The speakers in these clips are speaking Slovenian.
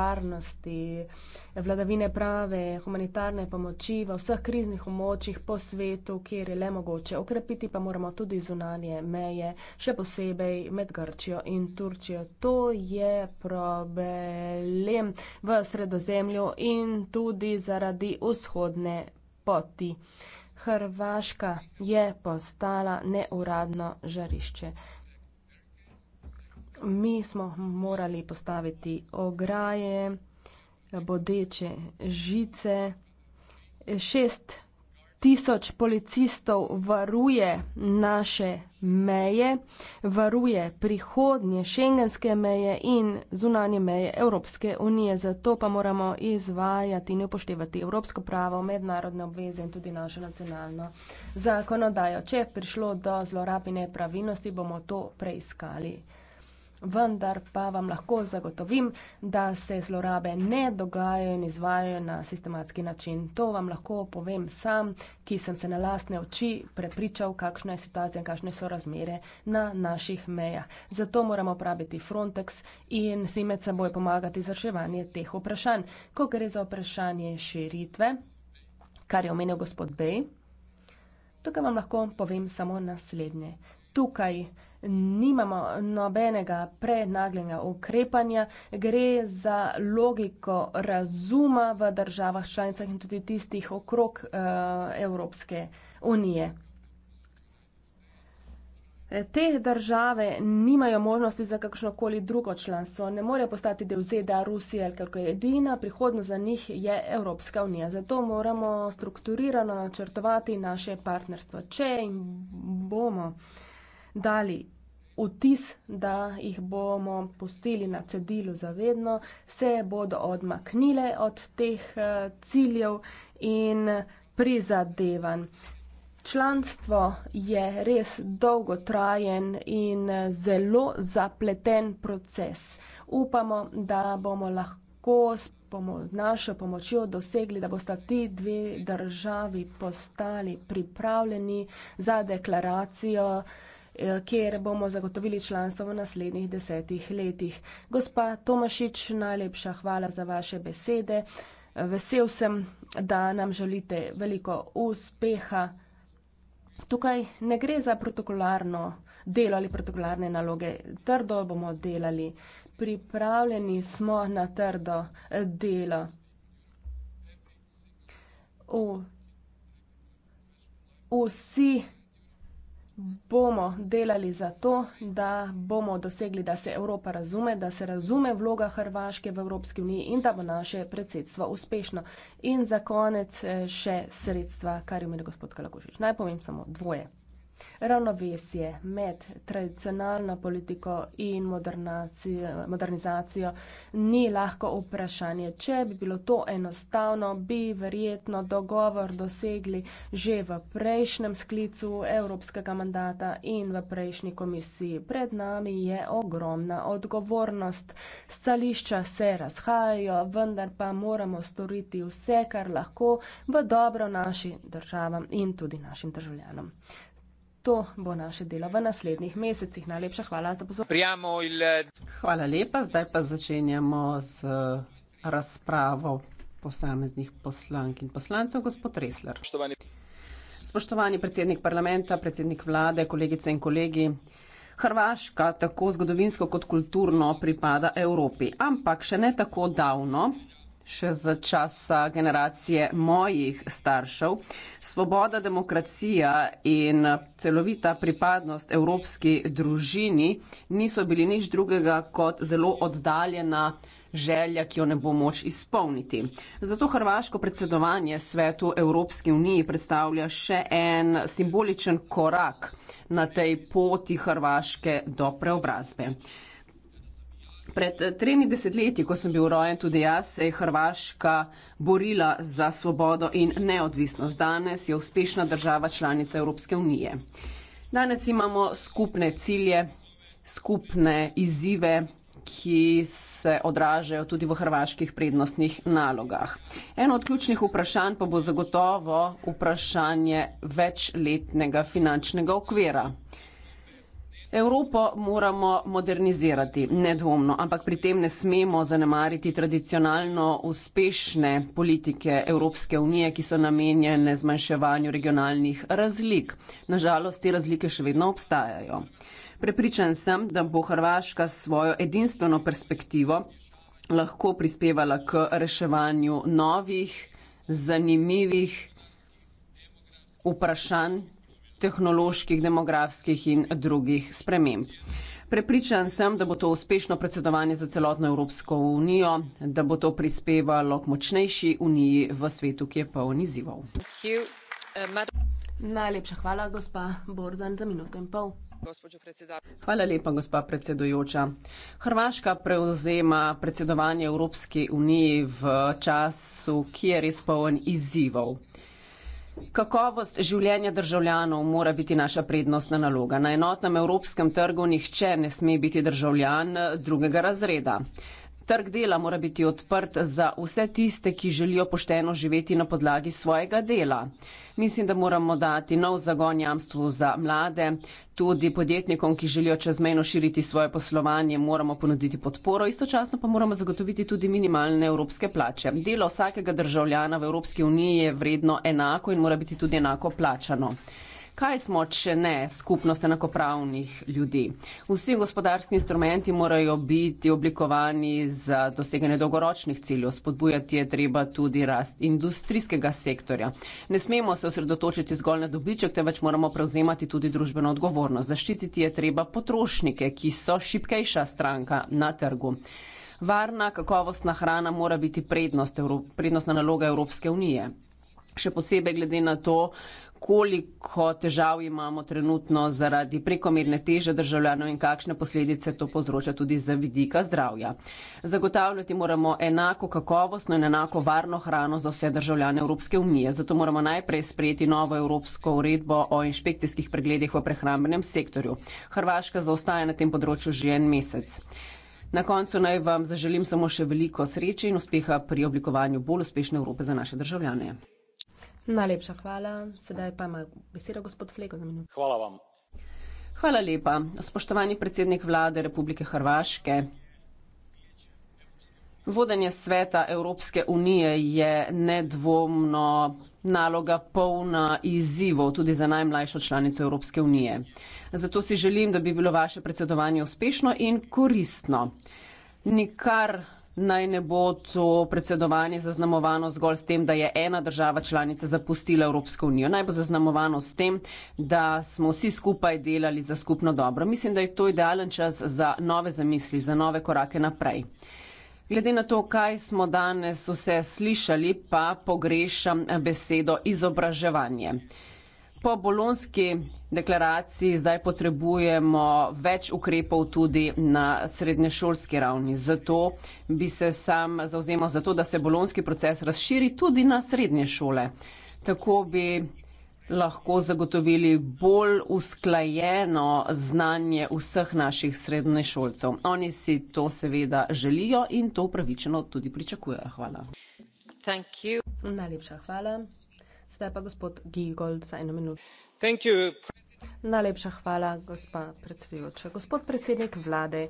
solidarnosti, vladavine prave, humanitarne pomoči v vseh kriznih območjih po svetu, kjer je le mogoče. Okrepiti pa moramo tudi zunanje meje, še posebej med Grčijo in Turčijo. To je problem v sredozemlju in tudi zaradi vzhodne poti. Hrvaška je postala neuradno žarišče mi smo morali postaviti ograje, bodeče žice. Šest tisoč policistov varuje naše meje, varuje prihodnje šengenske meje in zunanje meje Evropske unije. Zato pa moramo izvajati in upoštevati evropsko pravo, mednarodne obveze in tudi našo nacionalno zakonodajo. Če je prišlo do zlorab in nepravilnosti, bomo to preiskali vendar pa vam lahko zagotovim, da se zlorabe ne dogajajo in izvajajo na sistematski način. To vam lahko povem sam, ki sem se na lastne oči prepričal, kakšna je situacija in kakšne so razmere na naših mejah. Zato moramo uporabiti Frontex in si med seboj pomagati za reševanje teh vprašanj. Ko gre za vprašanje širitve, kar je omenil gospod Bej, tukaj vam lahko povem samo naslednje. Tukaj nimamo nobenega prenagljenega ukrepanja, gre za logiko razuma v državah članicah in tudi tistih okrog uh, Evropske unije. Te države nimajo možnosti za kakršnokoli drugo članstvo, ne morejo postati del ZDA, Rusije, ker je edina prihodnost za njih je Evropska unija. Zato moramo strukturirano načrtovati naše partnerstvo. Če jim bomo uh, dali vtis, da jih bomo pustili na cedilu za vedno, se bodo odmaknile od teh eh, ciljev in prizadevanj. Članstvo je res dolgotrajen in eh, zelo zapleten proces. Upamo, da bomo lahko s pomo našo pomočjo dosegli, da bosta ti dve državi postali pripravljeni za deklaracijo kjer bomo zagotovili članstvo v naslednjih desetih letih. Gospa Tomašič, najlepša hvala za vaše besede. Vesel sem, da nam želite veliko uspeha. Tukaj ne gre za protokolarno delo ali protokolarne naloge. Trdo bomo delali. Pripravljeni smo na trdo eh, delo. V, vsi bomo delali za to, da bomo dosegli, da se Evropa razume, da se razume vloga Hrvaške v Evropski uniji in da bo naše predsedstvo uspešno. In za konec eh, še sredstva, kar je imel gospod Kalakošič. Naj povem samo dvoje. Ravnovesje med tradicionalno politiko in modernizacijo ni lahko vprašanje. Če bi bilo to enostavno, bi verjetno dogovor dosegli že v prejšnjem sklicu evropskega mandata in v prejšnji komisiji. Pred nami je ogromna odgovornost. Stališča se razhajajo, vendar pa moramo storiti vse, kar lahko v dobro naši državam in tudi našim državljanom. To bo naše delo v naslednjih mesecih. Najlepša hvala za pozornost. Hvala lepa. Zdaj pa začenjamo z eh, razpravo posameznih poslank in poslancev, gospod Resler. Spoštovani. Spoštovani predsednik parlamenta, predsednik vlade, kolegice in kolegi. Hrvaška tako zgodovinsko kot kulturno pripada Evropi, ampak še ne tako davno, še za časa generacije mojih staršev. Svoboda, demokracija in celovita pripadnost evropski družini niso bili nič drugega kot zelo oddaljena želja, ki jo ne bo moč izpolniti. Zato hrvaško predsedovanje svetu Evropske unije predstavlja še en simboličen korak na tej poti Hrvaške do preobrazbe. Pred tremi desetletji, ko sem bil rojen tudi jaz, se je Hrvaška borila za svobodo in neodvisnost. Danes je uspešna država članica Evropske unije. Danes imamo skupne cilje, skupne izzive, ki se odražajo tudi v hrvaških prednostnih nalogah. Eno od ključnih vprašanj pa bo zagotovo vprašanje večletnega finančnega okvira. Evropo moramo modernizirati, nedvomno, ampak pri tem ne smemo zanemariti tradicionalno uspešne politike Evropske unije, ki so namenjene zmanjševanju regionalnih razlik. Nažalost, te razlike še vedno obstajajo. Prepričan sem, da bo Hrvaška svojo edinstveno perspektivo lahko prispevala k reševanju novih, zanimivih vprašanj tehnoloških, demografskih in drugih sprememb. Prepričan sem, da bo to uspešno predsedovanje za celotno Evropsko unijo, da bo to prispevalo k močnejši uniji v svetu, ki je poln izzivov. Eh, Najlepša hvala, gospa Borzan, za minuto in pol. Hvala lepa, gospa predsedujoča. Hrvaška prevzema predsedovanje Evropske unije v času, ki je res poln izzivov. Kakovost življenja državljanov mora biti naša prednostna naloga. Na enotnem evropskem trgu nihče ne sme biti državljan drugega razreda. Trg dela mora biti odprt za vse tiste, ki želijo pošteno živeti na podlagi svojega dela. Mislim, da moramo dati nov zagon jamstvu za mlade, tudi podjetnikom, ki želijo čezmejno širiti svoje poslovanje, moramo ponuditi podporo, istočasno pa moramo zagotoviti tudi minimalne evropske plače. Delo vsakega državljana v Evropski uniji je vredno enako in mora biti tudi enako plačano kaj smo, če ne skupnost enakopravnih ljudi. Vsi gospodarski instrumenti morajo biti oblikovani za doseganje dolgoročnih ciljev. Spodbujati je treba tudi rast industrijskega sektorja. Ne smemo se osredotočiti zgolj na dobiček, temveč moramo prevzemati tudi družbeno odgovornost. Zaščititi je treba potrošnike, ki so šipkejša stranka na trgu. Varna, kakovostna hrana mora biti prednost, prednostna naloga Evropske unije. Še posebej glede na to, koliko težav imamo trenutno zaradi prekomerne teže državljanov in kakšne posledice to povzroča tudi za vidika zdravja. Zagotavljati moramo enako kakovostno in enako varno hrano za vse državljane Evropske unije. Zato moramo najprej sprejeti novo Evropsko uredbo o inšpekcijskih pregledih v prehrambenem sektorju. Hrvaška zaostaja na tem področju že en mesec. Na koncu naj vam zaželim samo še veliko sreče in uspeha pri oblikovanju bolj uspešne Evrope za naše državljane. Najlepša hvala. Sedaj pa ima besedo gospod Flego za minuto. Hvala vam. Hvala lepa. Spoštovani predsednik vlade Republike Hrvaške. Vodenje sveta Evropske unije je nedvomno naloga polna izzivov tudi za najmlajšo članico Evropske unije. Zato si želim, da bi bilo vaše predsedovanje uspešno in koristno. Nikar naj ne bo to predsedovanje zaznamovano zgolj s tem, da je ena država članica zapustila Evropsko unijo. Naj bo zaznamovano s tem, da smo vsi skupaj delali za skupno dobro. Mislim, da je to idealen čas za nove zamisli, za nove korake naprej. Glede na to, kaj smo danes vse slišali, pa pogrešam besedo izobraževanje. Po bolonski deklaraciji zdaj potrebujemo več ukrepov tudi na srednješolski ravni. Zato bi se sam zauzemal za to, da se bolonski proces razširi tudi na srednje šole. Tako bi lahko zagotovili bolj usklajeno znanje vseh naših srednješolcev. Oni si to seveda želijo in to upravičeno tudi pričakujejo. Hvala. Najlepša hvala. Zdaj pa gospod Gigol za eno minuto. Najlepša hvala, gospa predsedujoča. Gospod predsednik vlade,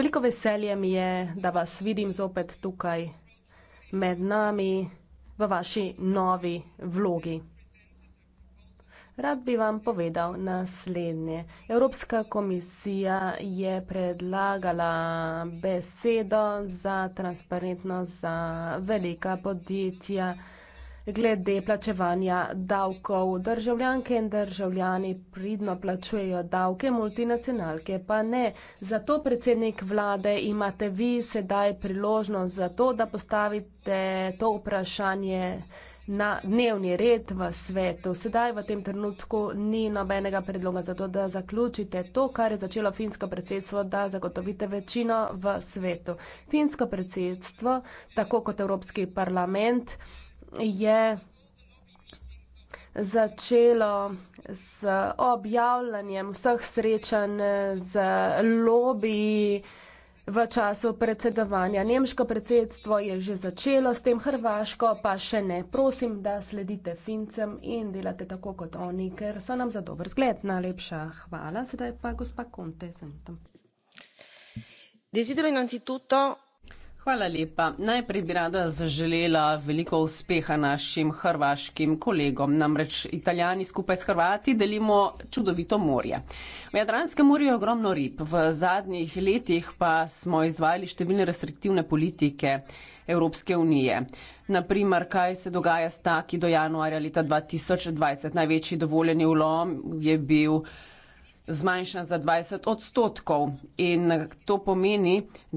veliko veselje mi je, da vas vidim zopet tukaj med nami v vaši novi vlogi. Rad bi vam povedal naslednje. Evropska komisija je predlagala besedo za transparentnost za velika podjetja glede plačevanja davkov. Državljanke in državljani pridno plačujejo davke, multinacionalke pa ne. Zato, predsednik vlade, imate vi sedaj priložnost za to, da postavite to vprašanje na dnevni red v svetu. Sedaj v tem trenutku ni nobenega predloga za to, da zaključite to, kar je začelo finsko predsedstvo, da zagotovite večino v svetu. Finsko predsedstvo, tako kot Evropski parlament, je začelo z objavljanjem vseh srečanj z lobiji v času predsedovanja. Nemško predsedstvo je že začelo s tem Hrvaško, pa še ne. Prosim, da sledite Fincem in delate tako kot oni, ker so nam za dober zgled. Najlepša hvala. Sedaj pa gospa Conte. Desidero innanzitutto Hvala lepa. Najprej bi rada zaželela veliko uspeha našim hrvaškim kolegom. Namreč Italijani skupaj s Hrvati delimo čudovito morje. V Jadranskem morju je ogromno rib, v zadnjih letih pa smo izvajali številne restriktivne politike Evropske unije. Naprimer, kaj se dogaja s taki do januarja leta 2020. Največji dovoljeni ulom je bil zmanjša za 20 odstotkov. In to pomeni,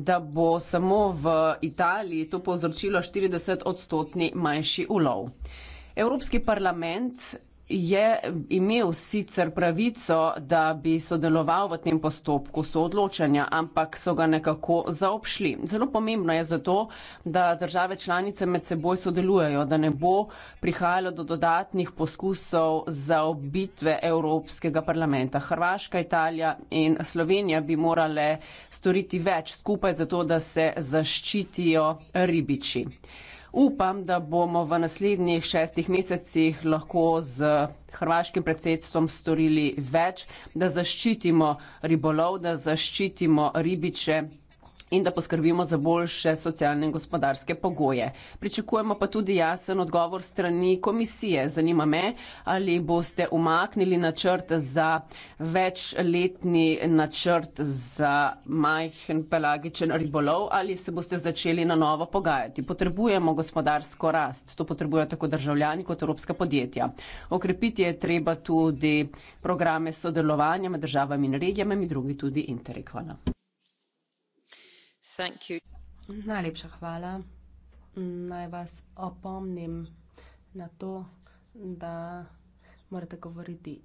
da bo samo v Italiji to povzročilo 40 odstotni manjši ulov. Evropski parlament je imel sicer pravico, da bi sodeloval v tem postopku soodločanja, ampak so ga nekako zaopšli. Zelo pomembno je zato, da države članice med seboj sodelujejo, da ne bo prihajalo do dodatnih poskusov za obitve Evropskega parlamenta. Hrvaška, Italija in Slovenija bi morale storiti več skupaj zato, da se zaščitijo ribiči. Upam, da bomo v naslednjih šestih mesecih lahko z hrvaškim predsedstvom storili več, da zaščitimo ribolov, da zaščitimo ribiče in da poskrbimo za boljše socialne in gospodarske pogoje. Pričakujemo pa tudi jasen odgovor strani komisije. Zanima me, ali boste umaknili načrt za večletni načrt za majhen pelagičen ribolov ali se boste začeli na novo pogajati. Potrebujemo gospodarsko rast, to potrebujejo tako državljani kot evropska podjetja. Okrepiti je treba tudi programe sodelovanja med državami in regijami, med drugim tudi Interreg. Hvala. Najlepša hvala. Naj vas opomnim na to, da morate govoriti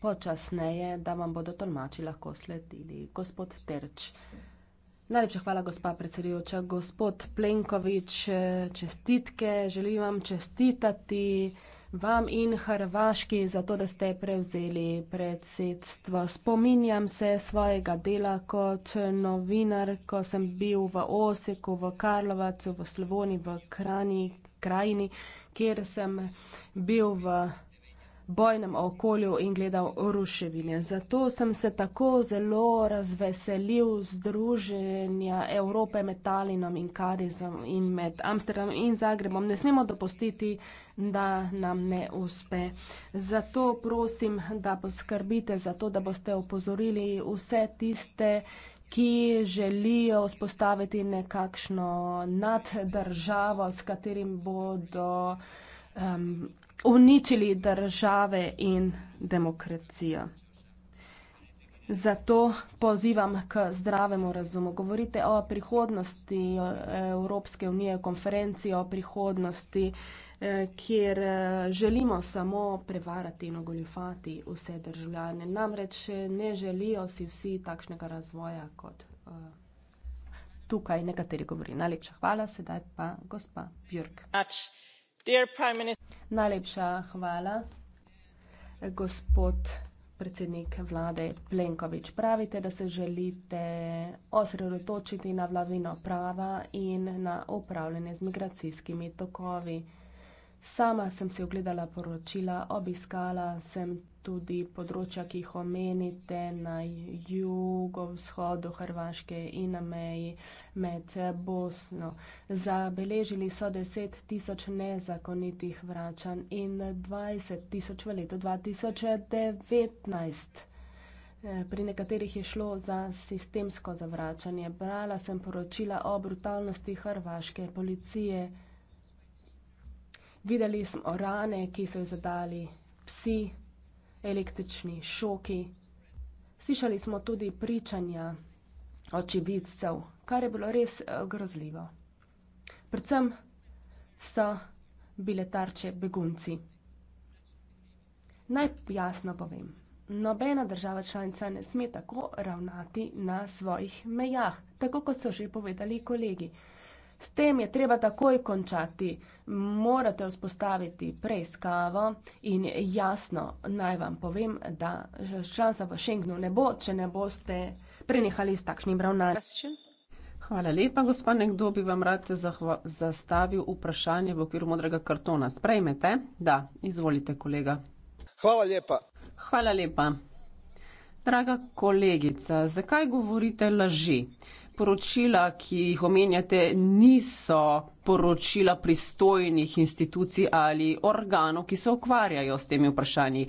počasneje, da vam bodo tolmači lahko sledili. Gospod Terč. Najlepša hvala, gospa predsedujoča. Gospod Plenković, čestitke. Želim vam čestitati vam in Hrvaški za to, da ste prevzeli predsedstvo. Spominjam se svojega dela kot novinar, ko sem bil v Oseku, v Karlovacu, v Slovoni, v Krajini, kjer sem bil v bojnem okolju in gledal ruševine. Zato sem se tako zelo razveselil združenja Evrope med Talinom in Karizom in med Amsterdamom in Zagrebom. Ne smemo dopustiti, da nam ne uspe. Zato prosim, da poskrbite za to, da boste opozorili vse tiste, ki želijo vzpostaviti nekakšno naddržavo, s katerim bodo um, uničili države in demokracijo. Zato pozivam k zdravemu razumu. Govorite o prihodnosti e, Evropske unije, konferenci o prihodnosti, e, kjer e, želimo samo prevarati in ogoljufati vse državljane. Namreč ne želijo si vsi takšnega razvoja, kot tukaj nekateri govori. Najlepša hvala, sedaj pa gospa Björk. Ač. Najlepša hvala. Gospod predsednik vlade Plenković, pravite, da se želite osredotočiti na vladavino prava in na upravljanje z migracijskimi tokovi. Sama sem si ogledala poročila, obiskala sem tudi področja, ki jih omenite na jugovzhodu Hrvaške in na meji med Bosno. Zabeležili so 10 tisoč nezakonitih vračanj in 20 tisoč v letu 2019. Eh, pri nekaterih je šlo za sistemsko zavračanje. Brala sem poročila o brutalnosti hrvaške policije. Videli smo rane, ki so jih zadali psi, električni šoki. Slišali smo tudi pričanja očividcev, kar je bilo res eh, grozljivo. Predvsem so bile tarče begunci. Naj jasno povem, nobena država članica ne sme tako ravnati na svojih mejah, tako kot so že povedali kolegi. S tem je treba takoj končati. Morate vzpostaviti preiskavo in jasno naj vam povem, da šansa v Schengnu ne bo, če ne boste prenehali s takšnim ravnanjem. Hvala lepa, gospod. Nekdo bi vam rad zastavil vprašanje v okviru modrega kartona. Sprejmete? Da, izvolite, kolega. Hvala lepa. Hvala lepa. Draga kolegica, zakaj govorite laži? Poročila, ki jih omenjate, niso poročila pristojnih institucij ali organov, ki se ukvarjajo s temi vprašanji.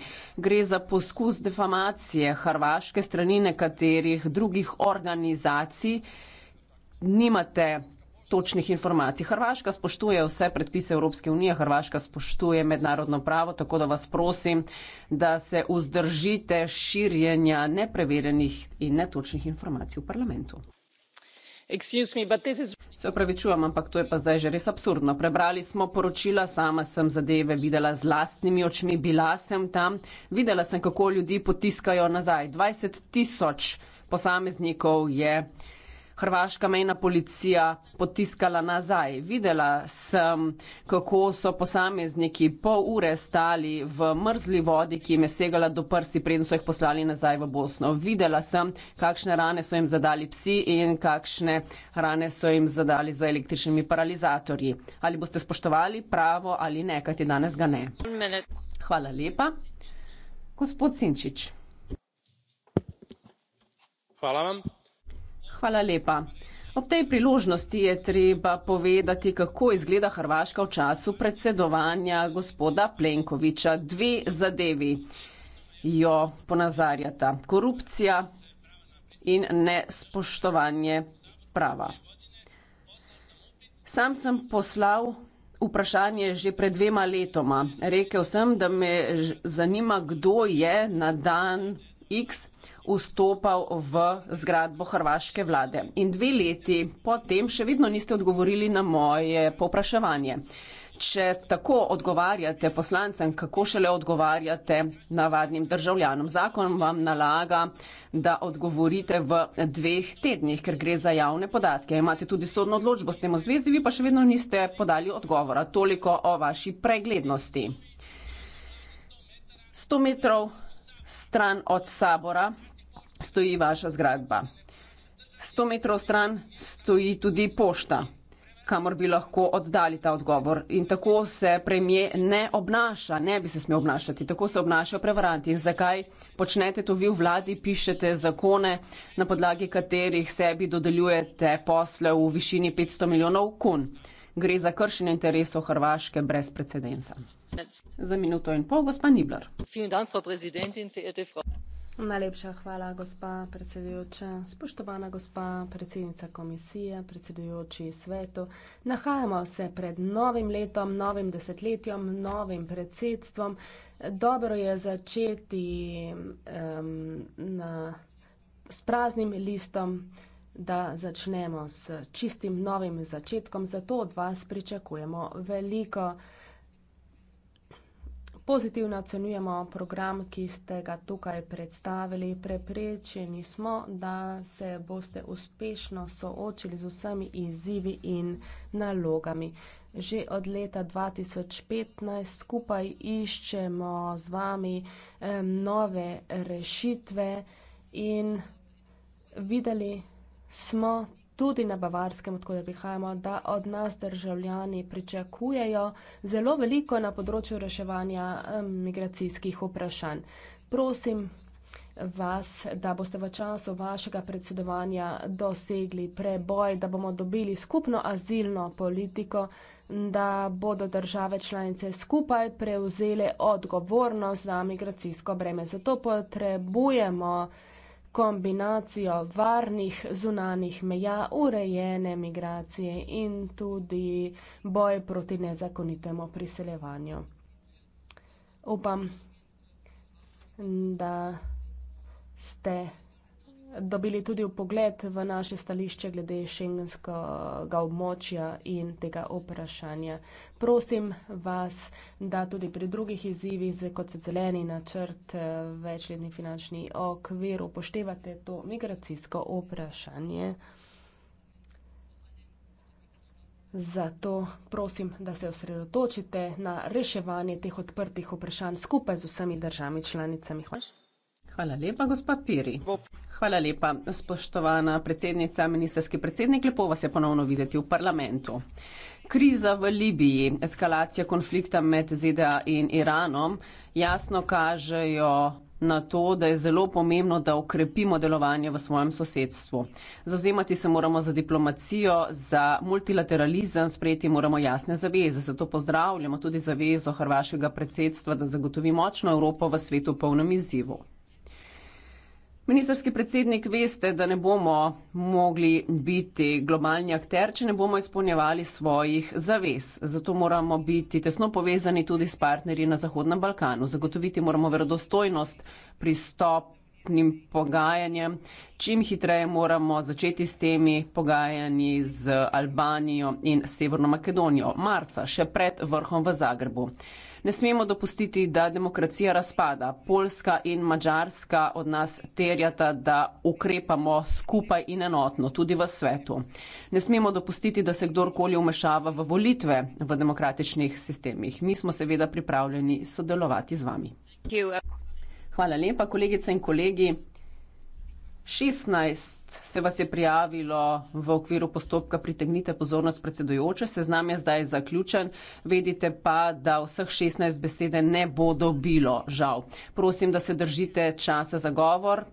Gre za poskus defamacije hrvaške strani nekaterih drugih organizacij. Nimate točnih informacij. Hrvaška spoštuje vse predpise Evropske unije, Hrvaška spoštuje mednarodno pravo, tako da vas prosim, da se vzdržite širjenja nepreverjenih in netočnih informacij v parlamentu. Se upravičujem, ampak to je pa zdaj že res absurdno. Prebrali smo poročila, sama sem zadeve videla z lastnimi očmi, bila sem tam, videla sem, kako ljudi potiskajo nazaj. 20 tisoč posameznikov je hrvaška mejna policija potiskala nazaj. Videla sem, kako so posamezniki pol ure stali v mrzli vodi, ki jim je segala do prsi, preden so jih poslali nazaj v Bosno. Videla sem, kakšne rane so jim zadali psi in kakšne rane so jim zadali z električnimi paralizatorji. Ali boste spoštovali pravo ali ne, kajti danes ga ne. Hvala lepa. Gospod Sinčič. Hvala vam. Hvala lepa. Ob tej priložnosti je treba povedati, kako izgleda Hrvaška v času predsedovanja gospoda Plenkoviča. Dve zadevi jo ponazarjata. Korupcija in nespoštovanje prava. Sam sem poslal vprašanje že pred dvema letoma. Rekel sem, da me zanima, kdo je na dan X vstopal v zgradbo hrvaške vlade. In dve leti potem še vedno niste odgovorili na moje popraševanje. Če tako odgovarjate poslancem, kako šele odgovarjate navadnim državljanom? Zakon vam nalaga, da odgovorite v dveh tednih, ker gre za javne podatke. Imate tudi sodno odločbo s tem v zvezi, vi pa še vedno niste podali odgovora. Toliko o vaši preglednosti. 100 metrov stran od sabora stoji vaša zgradba. 100 metrov stran stoji tudi pošta, kamor bi lahko oddali ta odgovor. In tako se premije ne obnaša, ne bi se smel obnašati, tako se obnašajo prevaranti. In zakaj počnete to vi v vladi, pišete zakone, na podlagi katerih sebi dodeljujete posle v višini 500 milijonov kun? Gre za kršenje interesov Hrvaške brez precedensa gospa predsednica Najlepša hvala, gospa predsedujoča. Spoštovana gospa predsednica komisije, predsedujoči svetu. Nahajamo se pred novim letom, novim desetletjem, novim predsedstvom. Dobro je začeti, na, s praznim listom, da začnemo s čistim novim začetkom, zato od vas pričakujemo veliko. Pozitivno ocenjujemo program, ki ste ga tukaj predstavili. Preprečeni smo, da se boste uspešno soočili z vsemi izzivi in nalogami. Že od leta 2015 skupaj iščemo z vami nove rešitve in videli smo tudi na Bavarskem, odkud prihajamo, da od nas državljani pričakujejo zelo veliko na področju reševanja migracijskih vprašanj. Prosim vas, da boste v času vašega predsedovanja dosegli preboj, da bomo dobili skupno azilno politiko, da bodo države članice skupaj prevzele odgovornost za migracijsko breme. Zato potrebujemo kombinacijo varnih zunanih meja, urejene migracije in tudi boj proti nezakonitemu priseljevanju. Upam, da ste dobili tudi upogled v naše stališče glede šengenskega območja in tega vprašanja. Prosim vas, da tudi pri drugih izzivih, kot so zeleni načrt, eh, večletni finančni okvir, upoštevate to migracijsko vprašanje. Zato prosim, da se osredotočite na reševanje teh odprtih vprašanj skupaj z vsemi državami članicami. Hvala. Hvala lepa, gospa Piri. Hvala lepa, spoštovana predsednica, ministerski predsednik. Lepo vas je ponovno videti v parlamentu. Kriza v Libiji, eskalacija konflikta med ZDA in Iranom jasno kažejo na to, da je zelo pomembno, da okrepimo delovanje v svojem sosedstvu. Zauzemati se moramo za diplomacijo, za multilateralizem, sprejeti moramo jasne zaveze. Zato pozdravljamo tudi zavezo hrvaškega predsedstva, da zagotovi močno Evropo v svetu polnem izzivu. Ministrski predsednik, veste, da ne bomo mogli biti globalni akter, če ne bomo izpolnjevali svojih zavez. Zato moramo biti tesno povezani tudi s partnerji na Zahodnem Balkanu. Zagotoviti moramo verodostojnost pristopnim pogajanjem. Čim hitreje moramo začeti s temi pogajanji z Albanijo in Severno Makedonijo. Marca, še pred vrhom v Zagrebu. Ne smemo dopustiti, da demokracija razpada. Polska in Mačarska od nas terjata, da ukrepamo skupaj in enotno, tudi v svetu. Ne smemo dopustiti, da se kdorkoli umešava v volitve v demokratičnih sistemih. Mi smo seveda pripravljeni sodelovati z vami. Hvala lepa, kolegice in kolegi. 16 se vas je prijavilo v okviru postopka pritegnite pozornost predsedujoče, seznam je zdaj zaključen, vedite pa, da vseh 16 besede ne bo dobilo, žal. Prosim, da se držite časa za govor.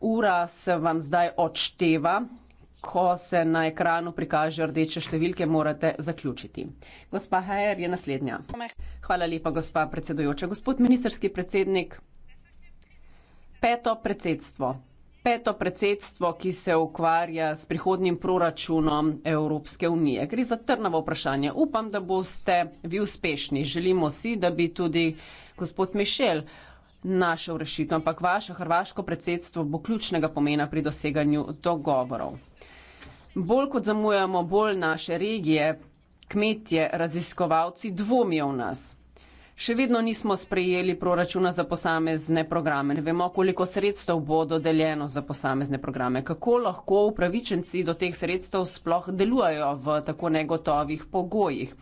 Ura se vam zdaj odšteva, ko se na ekranu prikaže rdeče številke, morate zaključiti. Gospa Hajer je naslednja. Hvala lepa, gospa predsedujoča. Gospod ministerski predsednik, peto predsedstvo peto predsedstvo, ki se ukvarja s prihodnim proračunom Evropske unije. Gre za trnavo vprašanje. Upam, da boste vi uspešni. Želimo si, da bi tudi gospod Mišel našel rešitev, ampak vaše hrvaško predsedstvo bo ključnega pomena pri doseganju dogovorov. Bolj kot zamujamo, bolj naše regije, kmetje, raziskovalci dvomijo v nas. Še vedno nismo sprejeli proračuna za posamezne programe. Ne vemo, koliko sredstev bo dodeljeno za posamezne programe. Kako lahko upravičenci do teh sredstev sploh delujejo v tako negotovih pogojih?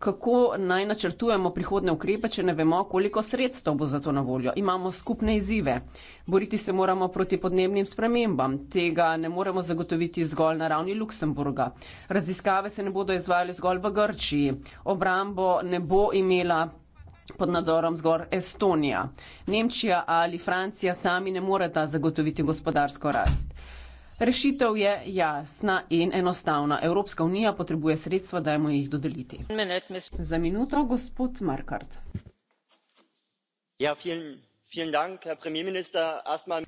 Kako naj načrtujemo prihodne ukrepe, če ne vemo, koliko sredstev bo za to na voljo? Imamo skupne izzive. Boriti se moramo proti podnebnim spremembam. Tega ne moremo zagotoviti zgolj na ravni Luksemburga. Raziskave se ne bodo izvajali zgolj v Grčiji. Obrambo ne bo imela pod nadzorom zgor Estonija. Nemčija ali Francija sami ne moreta zagotoviti gospodarsko rast. Rešitev je jasna in enostavna. Evropska unija potrebuje sredstva, da jemo jih dodeliti. Za minuto, gospod Markart. Ja, vielen, vielen Dank, Herr Premierminister. Erstmal...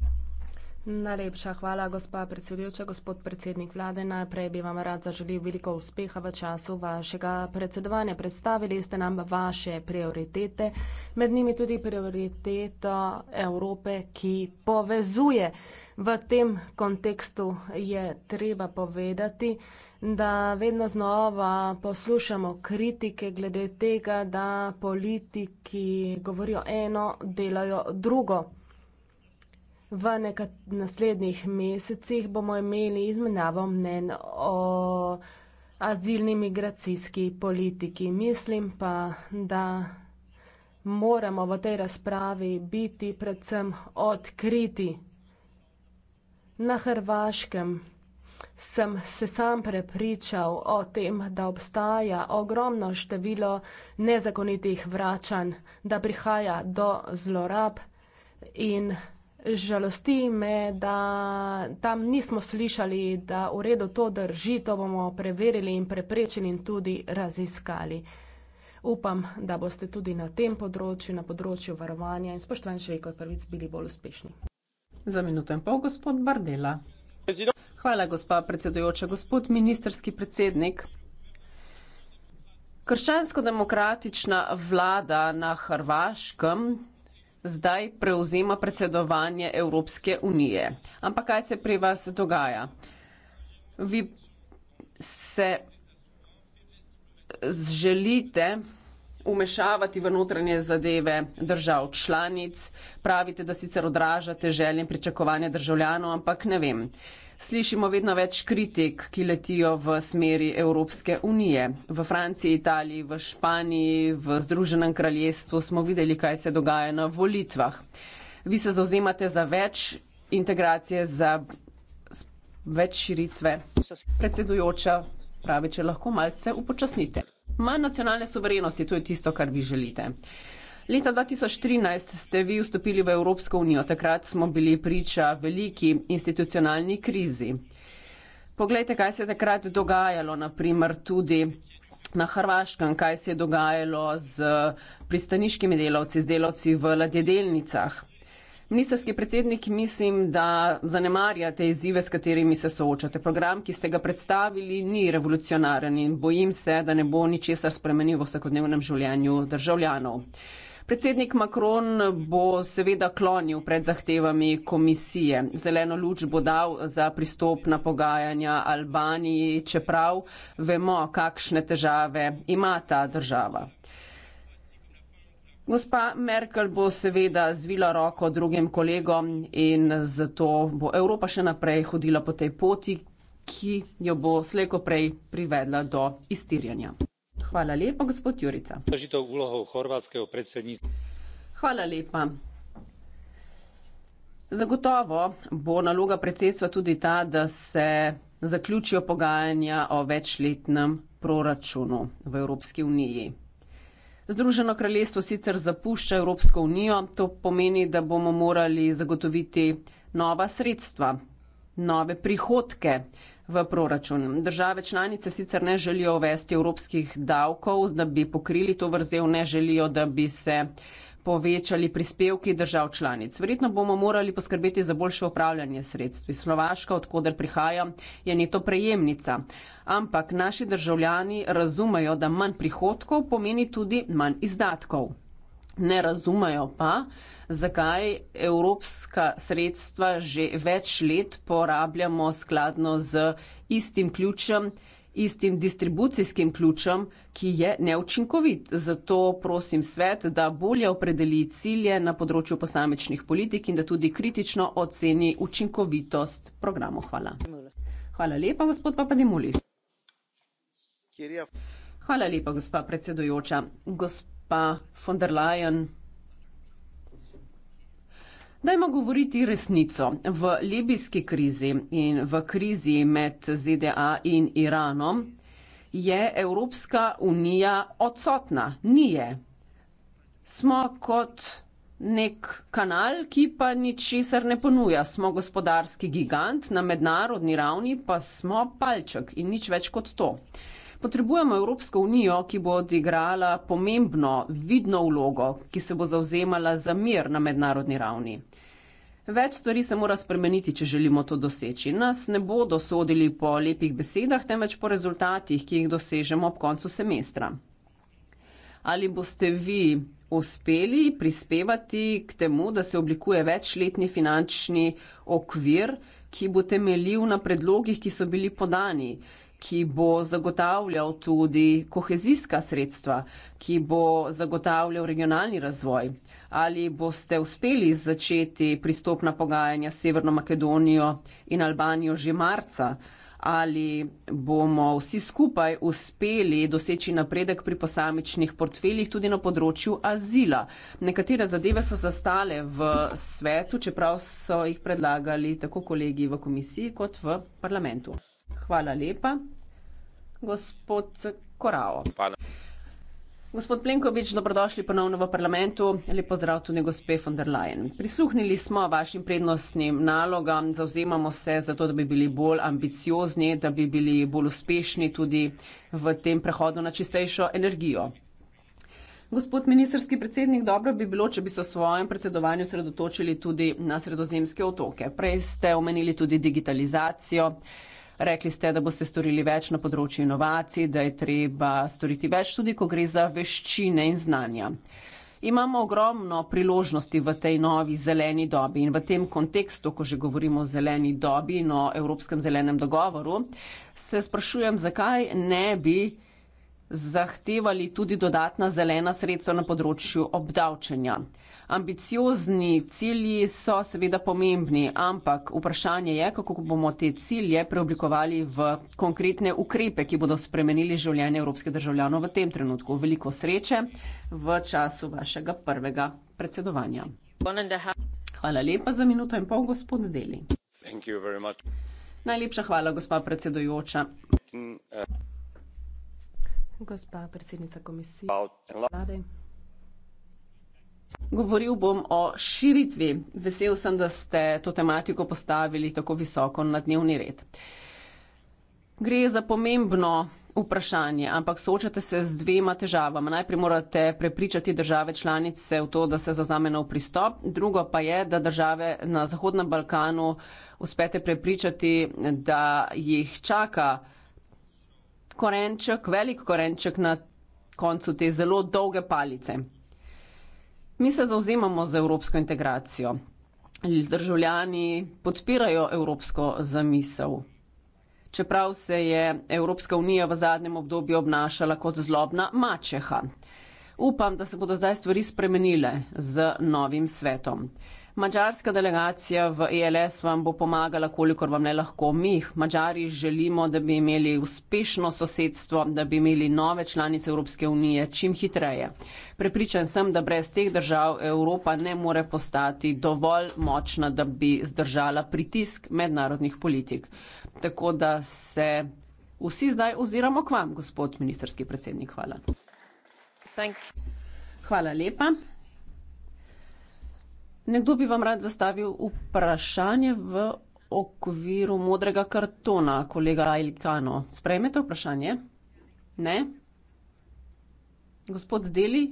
Najlepša hvala, gospa predsedujoča. Gospod predsednik vlade, najprej bi vam rad zaželil veliko uspeha v času vašega predsedovanja. Predstavili ste nam vaše prioritete, med njimi tudi prioriteta Evrope, ki povezuje. V tem kontekstu je treba povedati, da vedno znova poslušamo kritike glede tega, da politiki govorijo eno, delajo drugo. V naslednjih mesecih bomo imeli izmenjavo mnen o azilni migracijski politiki. Mislim pa, da moramo v tej razpravi biti predvsem odkriti. Na Hrvaškem sem se sam prepričal o tem, da obstaja ogromno število nezakonitih vračanj, da prihaja do zlorab in Žalosti me, da tam nismo slišali, da v redu to drži, to bomo preverili in preprečili in tudi raziskali. Upam, da boste tudi na tem področju, na področju varovanja in spoštovanja človekovih pravic bili bolj uspešni. Za minuto in pol, gospod Bardela. Hvala, gospa predsedujoča, gospod ministerski predsednik. Krščansko-demokratična vlada na Hrvaškem zdaj prevzema predsedovanje Evropske unije. Ampak kaj se pri vas dogaja? Vi se želite umešavati v notranje zadeve držav članic. Pravite, da sicer odražate želje in pričakovanja državljanov, ampak ne vem. Slišimo vedno več kritik, ki letijo v smeri Evropske unije. V Franciji, Italiji, v Španiji, v Združenem kraljestvu smo videli, kaj se dogaja na volitvah. Vi se zauzemate za več integracije, za več širitve. Predsedujoča pravi, če lahko malce upočasnite manj nacionalne suverenosti, to je tisto, kar vi želite. Leta 2013 ste vi vstopili v Evropsko unijo, takrat smo bili priča veliki institucionalni krizi. Poglejte, kaj se je takrat dogajalo, naprimer tudi na Hrvaškem, kaj se je dogajalo z pristaniškimi delavci, z delavci v ladjedelnicah. Ministrski predsednik, mislim, da zanemarjate izzive, s katerimi se soočate. Program, ki ste ga predstavili, ni revolucionaren in bojim se, da ne bo ničesar spremenil v vsakodnevnem življenju državljanov. Predsednik Macron bo seveda klonil pred zahtevami komisije. Zeleno luč bo dal za pristop na pogajanja Albaniji, čeprav vemo, kakšne težave ima ta država. Gospa Merkel bo seveda zvila roko drugim kolegom in zato bo Evropa še naprej hodila po tej poti, ki jo bo slejko prej privedla do iztirjanja. Hvala lepa, gospod Jurica. Hvala lepa. Zagotovo bo naloga predsedstva tudi ta, da se zaključijo pogajanja o večletnem proračunu v Evropski uniji. Združeno kraljestvo sicer zapušča Evropsko unijo, to pomeni, da bomo morali zagotoviti nova sredstva, nove prihodke v proračun. Države članice sicer ne želijo uvesti evropskih davkov, da bi pokrili to vrzel, ne želijo, da bi se uh, povečali prispevki držav članic. Verjetno bomo morali poskrbeti za boljše upravljanje sredstvi. Slovaška, odkuder prihaja, je neto prejemnica. Ampak naši državljani razumejo, da manj prihodkov pomeni tudi manj izdatkov. Ne razumejo pa, zakaj evropska sredstva že več let porabljamo skladno z istim ključem, istim distribucijskim ključem, ki je neučinkovit. Zato prosim svet, da bolje opredeli cilje na področju posamečnih politik in da tudi kritično oceni učinkovitost programov. Hvala. Hvala lepa, gospod Papadimulis. Hvala lepa, gospa predsedujoča. Gospa von der Leyen. Dajmo govoriti resnico. V libijski krizi in v krizi med ZDA in Iranom je Evropska unija odsotna. Nije. Smo kot nek kanal, ki pa ničesar ne ponuja. Smo gospodarski gigant, na mednarodni ravni pa smo palček in nič več kot to. Potrebujemo Evropsko unijo, ki bo odigrala pomembno, vidno vlogo, ki se bo zauzemala za mir na mednarodni ravni. Več stvari se mora spremeniti, če želimo to doseči. Nas ne bodo sodili po lepih besedah, temveč po rezultatih, ki jih dosežemo ob koncu semestra. Ali boste vi uspeli prispevati k temu, da se oblikuje večletni finančni okvir, ki bo temeljil na predlogih, ki so bili podani, ki bo zagotavljal tudi kohezijska sredstva, ki bo zagotavljal regionalni razvoj? ali boste uspeli začeti pristopna pogajanja s Severno Makedonijo in Albanijo že marca, ali bomo vsi skupaj uspeli doseči napredek pri posamičnih portfeljih tudi na področju azila. Nekatere zadeve so zastale v svetu, čeprav so jih predlagali tako kolegi v komisiji kot v parlamentu. Hvala lepa. Gospod Korao. Hvala. Gospod Plenković, dobrodošli ponovno v parlamentu. Lepo zdrav tudi gospe von der Leyen. Prisluhnili smo vašim prednostnim nalogam, zauzemamo se za to, da bi bili bolj ambiciozni, da bi bili bolj uspešni tudi v tem prehodu na čistejšo energijo. Gospod ministerski predsednik, dobro bi bilo, če bi se v svojem predsedovanju sredotočili tudi na sredozemske otoke. Prej ste omenili tudi digitalizacijo. Rekli ste, da boste storili več na področju inovacij, da je treba storiti več tudi, ko gre za veščine in znanja. Imamo ogromno priložnosti v tej novi zeleni dobi in v tem kontekstu, ko že govorimo o zeleni dobi in o Evropskem zelenem dogovoru, se sprašujem, zakaj ne bi zahtevali tudi dodatna zelena sredstva na področju obdavčenja ambiciozni cilji so seveda pomembni, ampak vprašanje je, kako bomo te cilje preoblikovali v konkretne ukrepe, ki bodo spremenili življenje evropskih državljanov v tem trenutku. Veliko sreče v času vašega prvega predsedovanja. Hvala lepa za minuto in pol, gospod Deli. Najlepša hvala, gospa predsedujoča. Gospa predsednica komisije. Govoril bom o širitvi. Vesel sem, da ste to tematiko postavili tako visoko na dnevni red. Gre za pomembno vprašanje, ampak soočate se z dvema težavama. Najprej morate prepričati države članice v to, da se zauzame nov pristop, drugo pa je, da države na Zahodnem Balkanu uspete prepričati, da jih čaka korenček, velik korenček na koncu te zelo dolge palice. Mi se zauzemamo za evropsko integracijo. Državljani podpirajo evropsko zamisel. Čeprav se je Evropska unija v zadnjem obdobju obnašala kot zlobna mačeha. Upam, da se bodo zdaj stvari spremenile z novim svetom. Mačarska delegacija v ELS vam bo pomagala, kolikor vam le lahko. Mi, Mačari, želimo, da bi imeli uspešno sosedstvo, da bi imeli nove članice Evropske unije čim hitreje. Prepričan sem, da brez teh držav Evropa ne more postati dovolj močna, da bi zdržala pritisk mednarodnih politik. Tako da se vsi zdaj oziramo k vam, gospod ministerski predsednik. Hvala. Thank. Hvala lepa. Nekdo bi vam rad zastavil vprašanje v okviru modrega kartona, kolega Ilkano. Sprejmete vprašanje? Ne? Gospod Deli?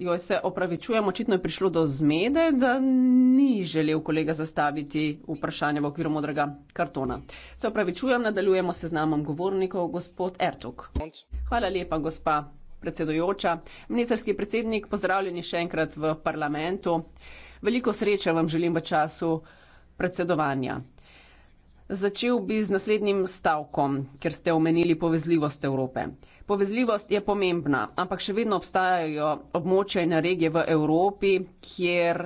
Joj, se opravičujem, očitno je prišlo do zmede, da ni želel kolega zastaviti vprašanje v okviru modrega kartona. Se opravičujem, nadaljujemo se z namom govornikov, gospod Ertug. Hvala lepa, gospa predsedujoča. Ministrski predsednik, pozdravljeni še enkrat v parlamentu. Veliko sreče vam želim v času predsedovanja. Začel bi z naslednjim stavkom, ker ste omenili povezljivost Evrope. Povezljivost je pomembna, ampak še vedno obstajajo območja in regije v Evropi, kjer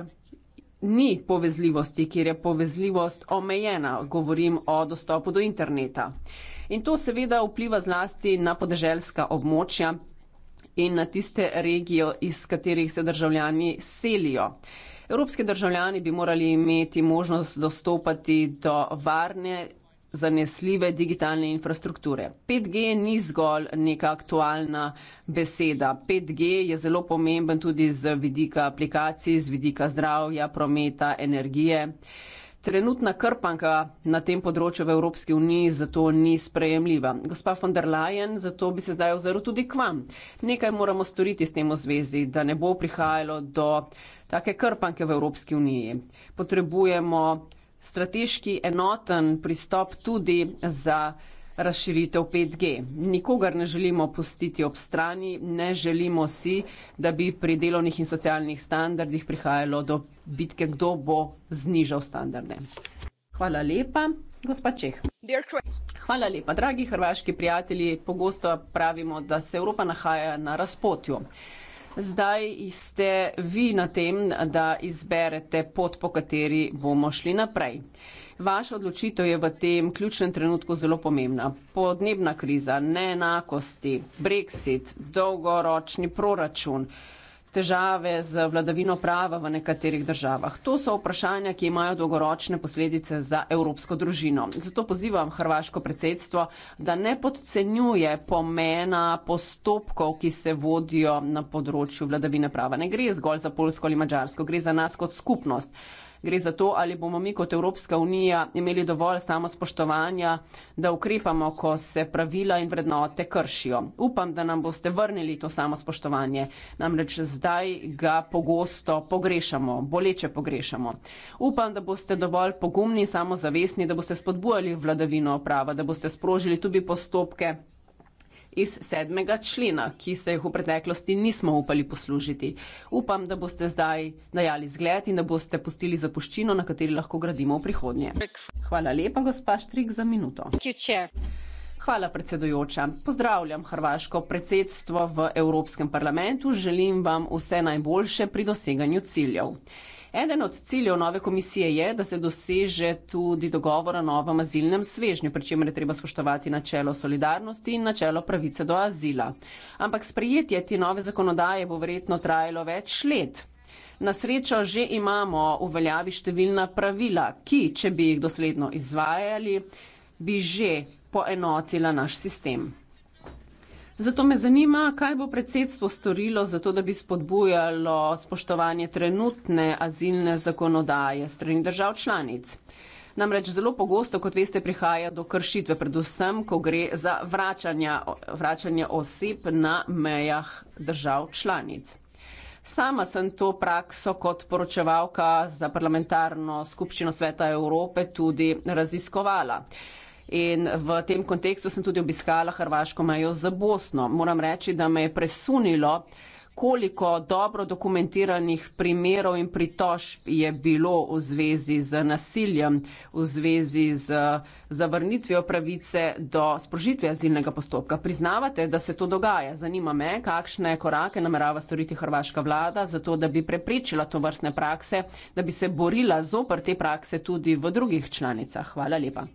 ni povezljivosti, kjer je povezljivost omejena, govorim o dostopu do interneta. In to seveda vpliva zlasti na podeželska območja, in na tiste regijo, iz katerih se državljani selijo. Evropske državljani bi morali imeti možnost dostopati do varne, zanesljive digitalne infrastrukture. 5G ni zgolj neka aktualna beseda. 5G je zelo pomemben tudi z vidika aplikacij, z vidika zdravja, prometa, energije. Uh, Trenutna krpanka na tem področju v Evropski uniji zato ni sprejemljiva. Gospa von der Leyen, zato bi se zdaj ozrl tudi k vam. Nekaj moramo storiti s tem v zvezi, da ne bo prihajalo do take krpanke v Evropski uniji. Potrebujemo strateški enoten pristop tudi za. Razširitev 5G. Nikogar ne želimo pustiti ob strani, ne želimo si, da bi pri delovnih in socialnih standardih prihajalo do bitke, kdo bo znižal standarde. Hvala lepa, gospod Čeh. Hvala lepa, dragi hrvaški prijatelji. Pogosto pravimo, da se Evropa nahaja na razpotju. Zdaj ste vi na tem, da izberete pot, po kateri bomo šli naprej. Vaša odločitev je v tem ključnem trenutku zelo pomembna. Podnebna kriza, neenakosti, brexit, dolgoročni proračun, težave z vladavino prava v nekaterih državah. To so vprašanja, ki imajo dolgoročne posledice za evropsko družino. Zato pozivam hrvaško predsedstvo, da ne podcenjuje pomena postopkov, ki se vodijo na področju vladavine prava. Ne gre zgolj za polsko ali mačarsko, gre za nas kot skupnost gre za to, ali bomo mi kot Evropska unija imeli dovolj samospoštovanja, da ukrepamo, ko se pravila in vrednote kršijo. Upam, da nam boste vrnili to samospoštovanje, namreč zdaj ga pogosto pogrešamo, boleče pogrešamo. Upam, da boste dovolj pogumni in samozavestni, da boste spodbujali vladavino prava, da boste sprožili tudi postopke iz sedmega člena, ki se jih v preteklosti nismo upali poslužiti. Upam, da boste zdaj najali zgled in da boste pustili zapuščino, na kateri lahko gradimo v prihodnje. Hvala lepa, gospa Štrik, za minuto. Hvala, predsedujoča. Pozdravljam hrvaško predsedstvo v Evropskem parlamentu. Želim vam vse najboljše pri doseganju ciljev. Eden od ciljev nove komisije je, da se doseže tudi dogovor o novem azilnem svežnju, pri čemer je treba spoštovati načelo solidarnosti in načelo pravice do azila. Ampak sprejetje te nove zakonodaje bo verjetno trajalo več let. Na srečo že imamo v veljavi številna pravila, ki, če bi jih dosledno izvajali, bi že poenotila naš sistem. Zato me zanima, kaj bo predsedstvo storilo za to, da bi spodbujalo spoštovanje trenutne azilne zakonodaje strani držav članic. Namreč zelo pogosto, kot veste, prihaja do kršitve, predvsem, ko gre za vračanja, vračanje oseb na mejah držav članic. Sama sem to prakso kot poročevalka za parlamentarno skupščino sveta Evrope tudi raziskovala. In v tem kontekstu sem tudi obiskala hrvaško mejo z Bosno. Moram reči, da me je presunilo, koliko dobro dokumentiranih primerov in pritožb je bilo v zvezi z nasiljem, v zvezi z zavrnitvijo pravice do sprožitve azilnega postopka. Priznavate, da se to dogaja. Zanima me, kakšne korake namerava storiti hrvaška vlada za to, da bi preprečila to vrstne prakse, da bi se borila zopr te prakse tudi v drugih članicah. Hvala lepa.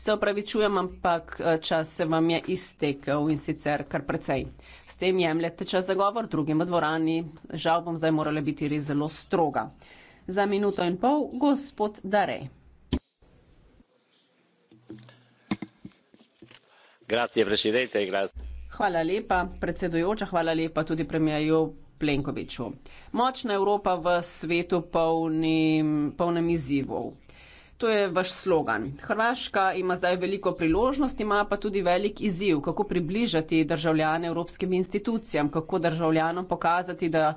Se upravičujem, ampak eh, čas se vam je iztekel in sicer kar precej. S tem jemljete čas za govor drugim v dvorani. Žal bom zdaj morala biti res zelo stroga. Za minuto in pol, gospod Darej. Hvala lepa, predsedujoča, hvala lepa tudi premijeju Plenkoviču. Močna Evropa v svetu polnem izzivov. To je vaš slogan. Hrvaška ima zdaj veliko priložnosti, ima pa tudi velik izziv, kako približati državljane evropskim institucijam, kako državljanom pokazati, da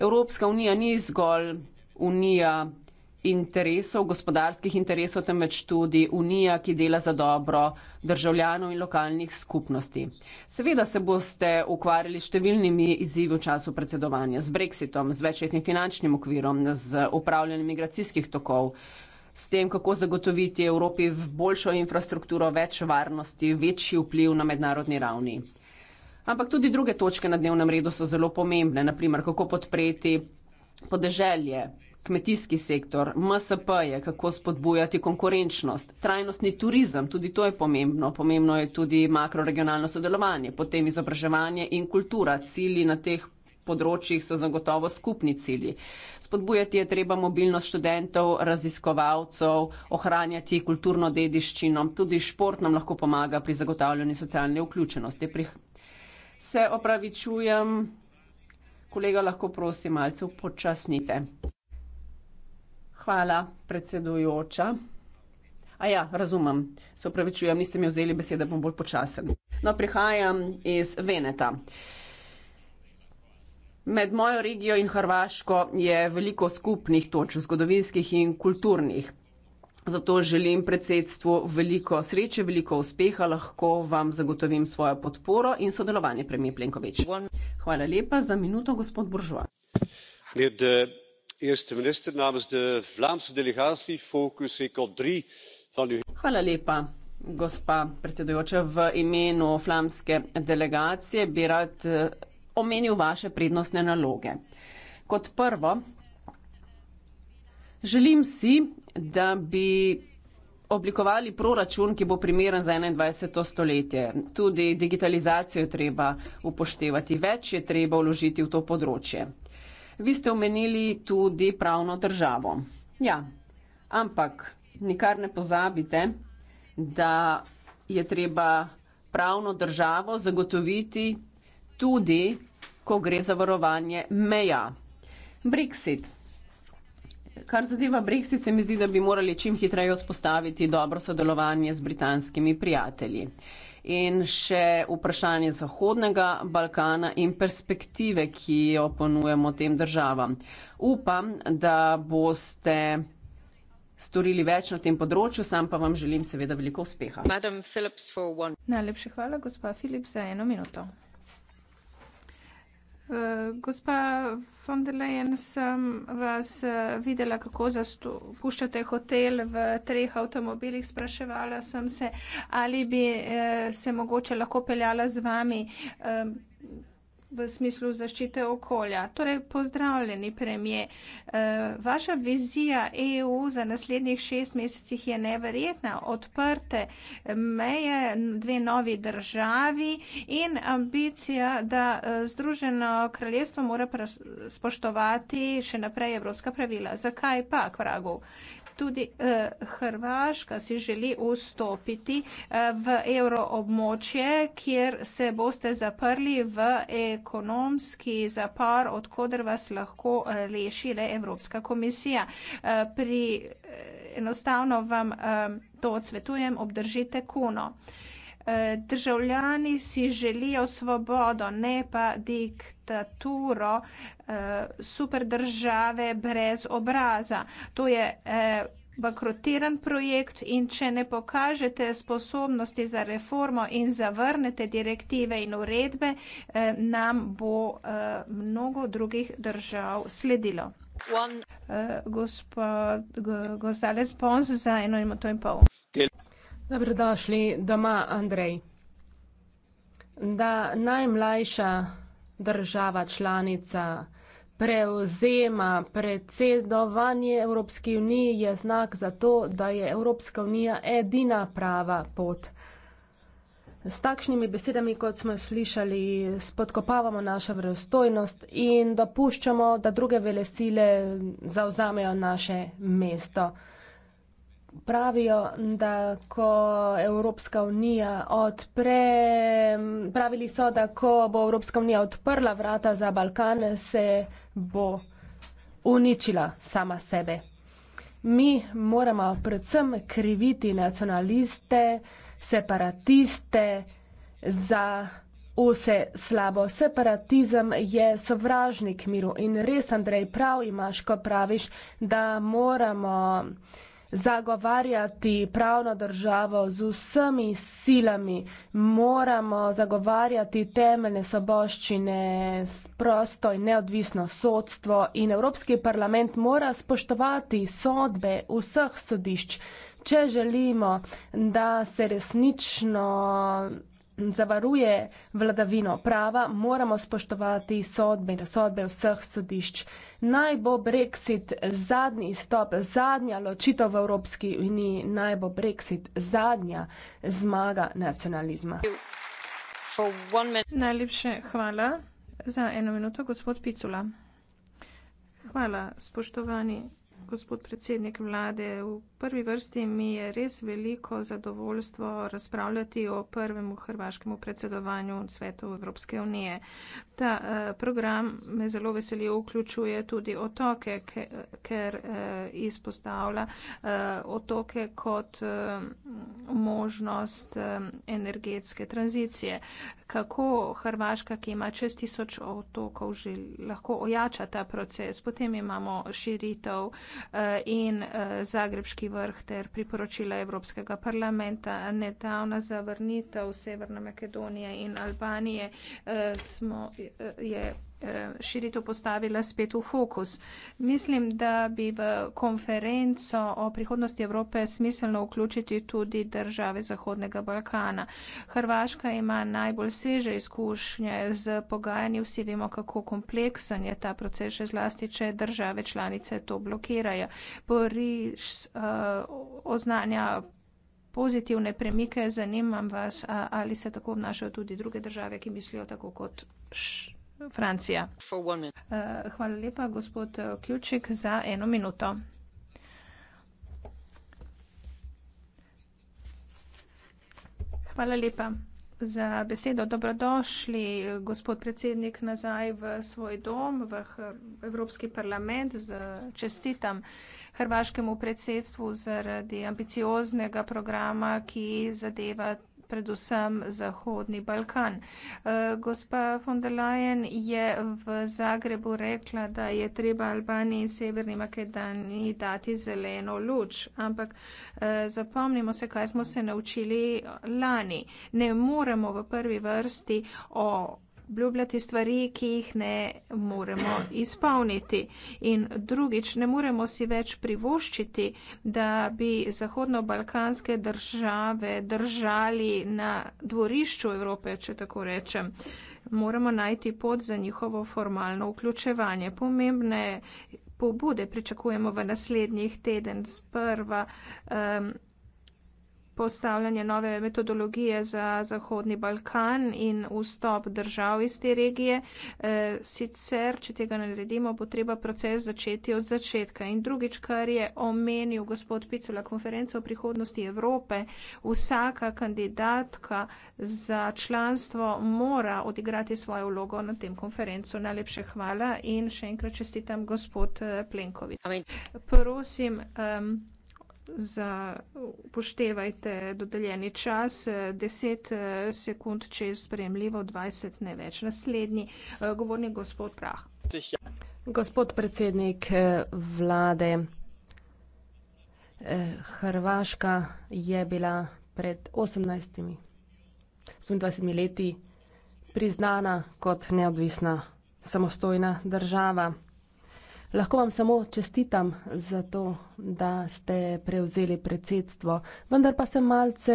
Evropska unija ni zgolj unija interesov, gospodarskih interesov, temveč tudi unija, ki dela za dobro državljanov in lokalnih skupnosti. Seveda se boste ukvarjali številnimi izzivi v času predsedovanja, z brexitom, z večletnim finančnim okvirom, z upravljanjem migracijskih tokov, s tem, kako zagotoviti Evropi boljšo infrastrukturo, več varnosti, večji vpliv na mednarodni ravni. Ampak tudi druge točke na dnevnem redu so zelo pomembne, naprimer kako podpreti podeželje, kmetijski sektor, MSP je, kako spodbujati konkurenčnost, trajnostni turizem, tudi to je pomembno, pomembno je tudi makroregionalno sodelovanje, potem izobraževanje in kultura, cilji na teh področjih področjih so zagotovo skupni cilji. Spodbujati je treba mobilnost študentov, raziskovalcev, ohranjati kulturno dediščino, tudi šport nam lahko pomaga pri zagotavljanju socialne vključenosti. Pri... Se opravičujem, kolega, lahko prosim, malce upočasnite. Hvala, predsedujoča. A ja, razumem, se opravičujem, niste mi vzeli besede, bom bolj počasen. No, prihajam iz Veneta. Med mojo regijo in Hrvaško je veliko skupnih točk, zgodovinskih in kulturnih. Zato želim predsedstvu veliko sreče, veliko uspeha, lahko vam zagotovim svojo podporo in sodelovanje, premijer Plenković. Hvala lepa za minuto, gospod Buržoa. Hvala lepa, gospa predsedujoča. V imenu flamske delegacije bi rad eh, omenil vaše prednostne naloge. Kot prvo, želim si, da bi oblikovali proračun, ki bo primeren za 21. stoletje. Tudi digitalizacijo je treba upoštevati, več je treba vložiti v to področje. Vi ste omenili tudi pravno državo. Ja, ampak nikar ne pozabite, da je treba pravno državo zagotoviti tudi, ko gre za varovanje meja. Brexit. Kar zadeva Brexit, se mi zdi, da bi morali čim hitreje vzpostaviti dobro sodelovanje z britanskimi prijatelji. In še vprašanje Zahodnega Balkana in perspektive, ki jo ponujemo tem državam. Upam, da boste storili več na tem področju, sam pa vam želim seveda veliko uspeha. Najlepša hvala, gospa Filip, za eno minuto. Eh, gospa von der Leyen, sem vas eh, videla, kako zapuščate hotel v treh avtomobilih. Spraševala sem se, ali bi eh, se mogoče lahko peljala z vami. Uh, v smislu zaščite okolja. Torej, pozdravljeni, premije. Eh, vaša vizija EU za naslednjih šest mesecih je neverjetna. Odprte meje, dve novi državi in ambicija, da eh, Združeno kraljestvo mora spoštovati še naprej evropska pravila. Zakaj pa, kvragu? tudi eh, Hrvaška si želi vstopiti eh, v euroobmočje, kjer se boste zaprli v ekonomski zapar, odkudr vas lahko eh, reši le Evropska komisija. Eh, pri, eh, enostavno vam eh, to odsvetujem, obdržite kuno. Eh, državljani si želijo svobodo, ne pa diktat diktaturo eh, super države brez obraza. To je eh, bankrotiran projekt in če ne pokažete sposobnosti za reformo in zavrnete direktive in uredbe, eh, nam bo eh, mnogo drugih držav sledilo. One. Eh, Gospod Gozales Pons za eno in to in pol. Dobrodošli doma, Andrej. Da najmlajša država članica prevzema predsedovanje Evropski uniji, je znak za to, da je Evropska unija edina prava pot. S takšnimi besedami, kot smo slišali, spodkopavamo našo vrstojnost in dopuščamo, da druge vele sile zauzamejo naše mesto pravijo, da ko Evropska unija odpre, pravili so, da ko bo Evropska unija odprla vrata za Balkan, se bo uničila sama sebe. Mi moramo predvsem kriviti nacionaliste, separatiste za vse slabo. Separatizem je sovražnik miru in res, Andrej, prav imaš, ko praviš, da moramo zagovarjati pravno državo z vsemi silami, moramo zagovarjati temeljne soboščine, prosto in neodvisno sodstvo in Evropski parlament mora spoštovati sodbe vseh sodišč, če želimo, da se resnično zavaruje vladavino prava, moramo spoštovati sodbe in razsodbe vseh sodišč. Naj bo Brexit zadnji stop, zadnja ločitev v Evropski uniji, naj bo Brexit zadnja zmaga nacionalizma. Najlepše hvala za eno minuto, gospod Picula. Hvala, spoštovani gospod predsednik vlade v prvi vrsti mi je res veliko zadovoljstvo razpravljati o prvem hrvaškem predsedovanju svetu Evropske unije. Ta eh, program me zelo veseli, vključuje tudi otoke, ke, ker eh, izpostavlja eh, otoke kot eh, možnost eh, energetske tranzicije. Kako Hrvaška, ki ima čez tisoč otokov, že lahko ojača ta proces. Potem imamo širitev eh, in eh, zagrebški Evropski vrh ter priporočila Evropskega parlamenta. Nedavna zavrnitev Severne Makedonije in Albanije eh, smo, eh, je Eh, širitev postavila spet v fokus. Mislim, da bi v konferenco o prihodnosti Evrope smiselno vključiti tudi države Zahodnega Balkana. Hrvaška ima najbolj sveže izkušnje z pogajanji, vsi vemo, kako kompleksen je ta proces, še zlasti, če države članice to blokirajo. Boriš uh, eh, oznanja pozitivne premike, zanimam vas, ali se tako obnašajo tudi druge države, ki mislijo tako kot. Š Francija. Eh, hvala lepa, gospod eh, Ključik, za eno minuto. Hvala lepa za besedo. Dobrodošli, gospod predsednik, nazaj v svoj dom, v Evropski parlament. Čestitam hrvaškemu predsedstvu zaradi ambicioznega programa, ki zadeva predvsem Zahodni Balkan. Eh, gospa von der Leyen je v Zagrebu rekla, da je treba Albaniji in Severni Makedaniji dati zeleno luč, ampak eh, zapomnimo se, kaj smo se naučili lani. Ne moremo v prvi vrsti o obljubljati stvari, ki jih ne moremo izpolniti. In drugič, ne moremo si več privoščiti, da bi zahodno-balkanske države držali na dvorišču Evrope, če tako rečem. Moramo najti pot za njihovo formalno vključevanje. Pomembne pobude pričakujemo v naslednjih teden sprva. Um, postavljanje nove metodologije za Zahodni Balkan in vstop držav iz te regije. E, sicer, če tega ne naredimo, bo treba proces začeti od začetka. In drugič, kar je omenil gospod Picula, konferenca o prihodnosti Evrope, vsaka kandidatka za članstvo mora odigrati svojo vlogo na tem konferencu. Najlepše hvala in še enkrat čestitam gospod eh, Plenkovi. Prosim. Um, za upoštevajte dodeljeni čas, 10 eh, sekund čez spremljivo, 20 ne več. Naslednji eh, govornik, gospod Prah. Gospod predsednik eh, vlade, Hrvaška je bila pred 18, 27 leti priznana kot neodvisna, samostojna država. Lahko vam samo čestitam za to, da ste prevzeli predsedstvo, vendar pa sem malce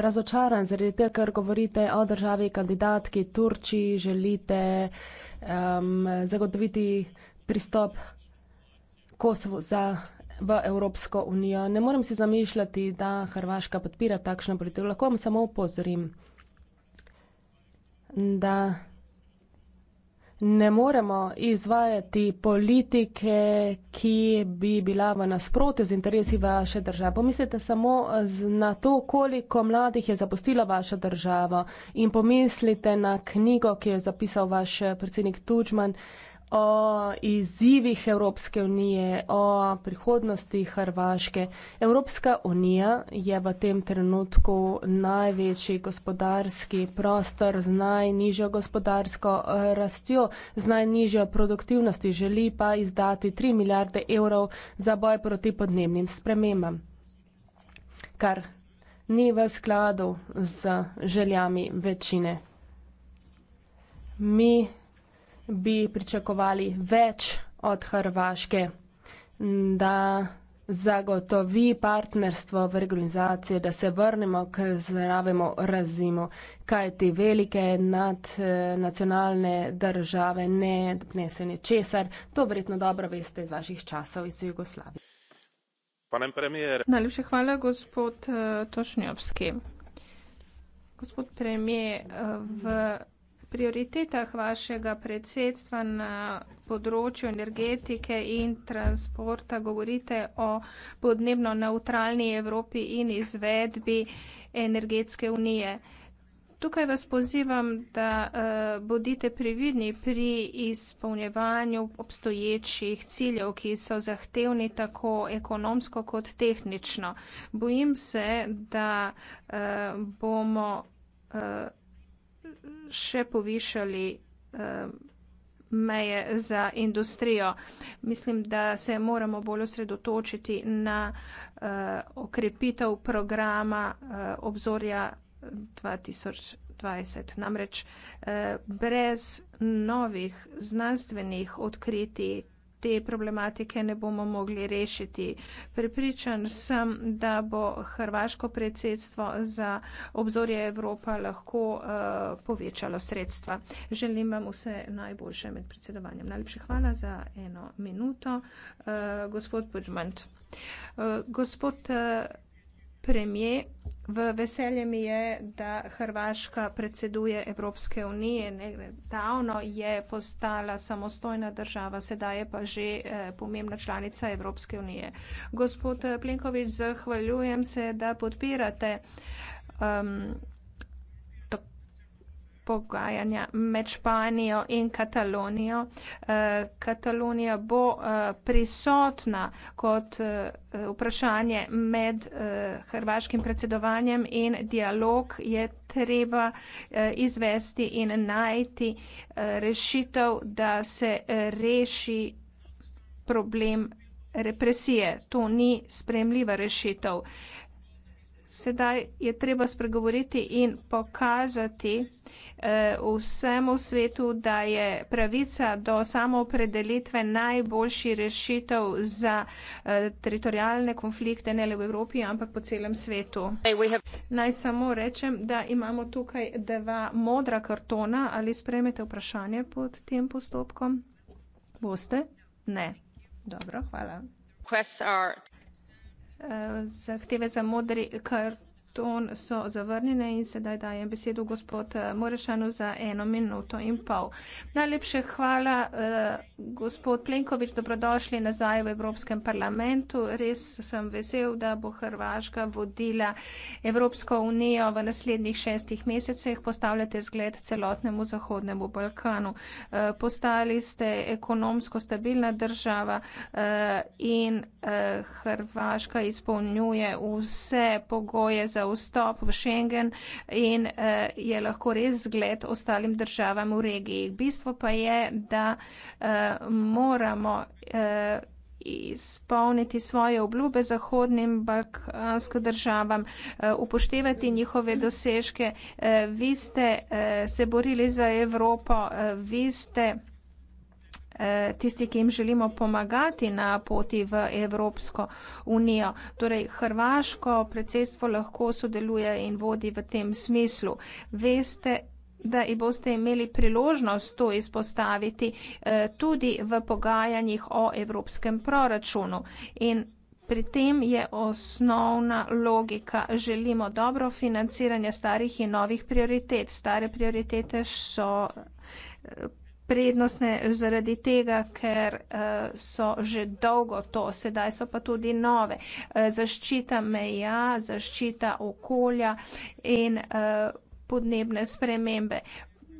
razočaran zaradi tega, ker govorite o državi kandidatki Turčiji, želite um, zagotoviti pristop Kosovo za, v Evropsko unijo. Ne morem si zamišljati, da Hrvaška podpira takšno politiko. Lahko vam samo opozorim, da ne moremo izvajati politike, ki bi bila v nasprotju z interesi vaše države. Pomislite samo na to, koliko mladih je zapustilo vašo državo in pomislite na knjigo, ki jo je zapisal vaš predsednik Tučman o izzivih Evropske unije, o prihodnosti Hrvaške. Evropska unija je v tem trenutku največji gospodarski prostor z najnižjo gospodarsko eh, rastjo, z najnižjo produktivnosti, želi pa izdati 3 milijarde evrov za boj proti podnebnim spremembam, kar ni v skladu z željami večine. Mi bi pričakovali več od Hrvaške, da zagotovi partnerstvo v organizaciji, da se vrnemo k zdravemu razimu, kaj ti velike nadnacionalne države ne nese ničesar. To verjetno dobro veste iz vaših časov iz Jugoslavije. Najlepša hvala, gospod uh, eh, Tošnjovski. Gospod premijer, eh, v prioritetah vašega predsedstva na področju energetike in transporta govorite o podnebno neutralni Evropi in izvedbi energetske unije. Tukaj vas pozivam, da uh, bodite prividni pri izpolnjevanju obstoječih ciljev, ki so zahtevni tako ekonomsko kot tehnično. Bojim se, da uh, bomo. Uh, še povišali eh, meje za industrijo. Mislim, da se moramo bolj osredotočiti na eh, okrepitev programa eh, obzorja 2020. Namreč brez novih znanstvenih odkritij, te problematike ne bomo mogli rešiti. Pripričan sem, da bo hrvaško predsedstvo za obzorje Evropa lahko uh, povečalo sredstva. Želim vam vse najboljše med predsedovanjem. Najlepša hvala za eno minuto. Uh, gospod Budžmant. Uh, eh, gospod uh, premijer. V veselje mi je, da Hrvaška predseduje Evropske unije. Nedavno je postala samostojna država, sedaj je pa že eh, pomembna članica Evropske unije. Gospod eh, Plenkovič, zahvaljujem se, da podpirate. Um, pogajanja med Španijo in Katalonijo. Eh, Katalonija bo eh, prisotna kot eh, vprašanje med hrvaškim predsedovanjem in dialog je treba izvesti in najti rešitev, da se reši problem represije. To ni spremljiva rešitev sedaj je treba spregovoriti in pokazati eh, vsemu svetu, da je pravica do samoopredelitve najboljši rešitev za eh, teritorijalne konflikte ne le v Evropi, ampak po celem svetu. Naj samo rečem, da imamo tukaj dva modra kartona. Ali spremete vprašanje pod tem postopkom? Boste? Ne. Dobro, hvala. Eh, zahteve za modri krt ton so zavrnjene in sedaj dajem besedo gospod eh, Morešanu za eno minuto in pol. Najlepše hvala, eh, gospod Plenković, dobrodošli nazaj v Evropskem parlamentu. Res sem vesel, da bo Hrvaška vodila Evropsko unijo v naslednjih šestih mesecih. Postavljate zgled celotnemu Zahodnemu Balkanu. Eh, postali ste ekonomsko stabilna država in Hrvaška izpolnjuje vse pogoje za vstop v Schengen in uh, je lahko res zgled ostalim državam v regiji. Bistvo pa je, da uh, moramo. Uh, izpolniti svoje obljube zahodnim balkanskim državam, upoštevati njihove dosežke. Vi ste se borili za Evropo, vi ste tisti, ki jim želimo pomagati na poti v Evropsko unijo. Torej, Hrvaško predsedstvo lahko sodeluje in vodi v tem smislu. Veste, da jih boste imeli priložnost to izpostaviti eh, tudi v pogajanjih o evropskem proračunu. In Pri tem je osnovna logika. Želimo dobro financiranje starih in novih prioritet. Stare prioritete so eh, prednostne zaradi tega, ker uh, so že dolgo to, sedaj so pa tudi nove. Uh, zaščita meja, zaščita okolja in uh, podnebne spremembe.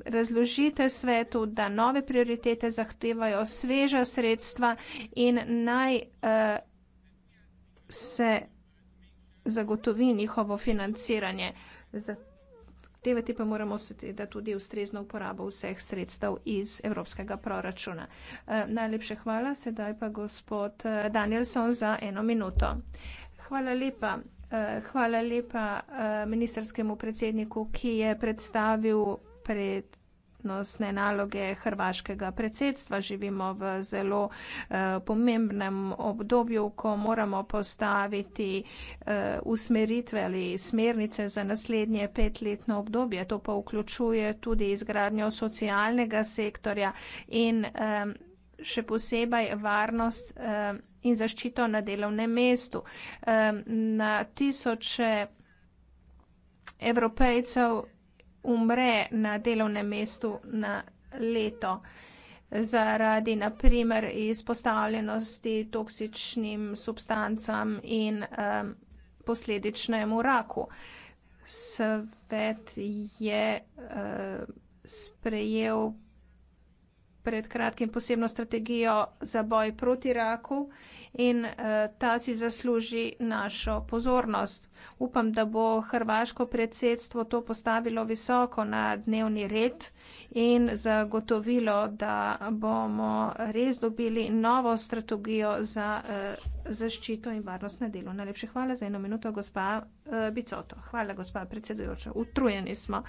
Razložite svetu, da nove prioritete zahtevajo sveža sredstva in naj uh, se zagotovi njihovo financiranje. Zato zahtevati pa moramo seveda tudi ustrezno uporabo vseh sredstev iz evropskega proračuna. Eh, najlepše hvala, sedaj pa gospod eh, Danielson za eno minuto. Hvala lepa. Eh, hvala lepa ministerskemu predsedniku, ki je predstavil pred varnostne naloge hrvaškega predsedstva. Živimo v zelo eh, pomembnem obdobju, ko moramo postaviti eh, usmeritve ali smernice za naslednje petletno obdobje. To pa vključuje tudi izgradnjo socialnega sektorja in eh, še posebej varnost in zaščito na delovnem mestu. Na tisoče evropejcev umre na delovnem mestu na leto zaradi naprimer izpostavljenosti toksičnim substancam in um, posledičnemu raku. Svet je uh, sprejel pred kratkim posebno strategijo za boj proti raku in uh, ta si zasluži našo pozornost. Upam, da bo hrvaško predsedstvo to postavilo visoko na dnevni red in zagotovilo, da bomo res dobili novo strategijo za. Uh, zaščito in varnost na delu. Najlepše hvala za eno minuto, gospa eh, Bicoto. Hvala, gospa predsedujoča. Utrujeni smo.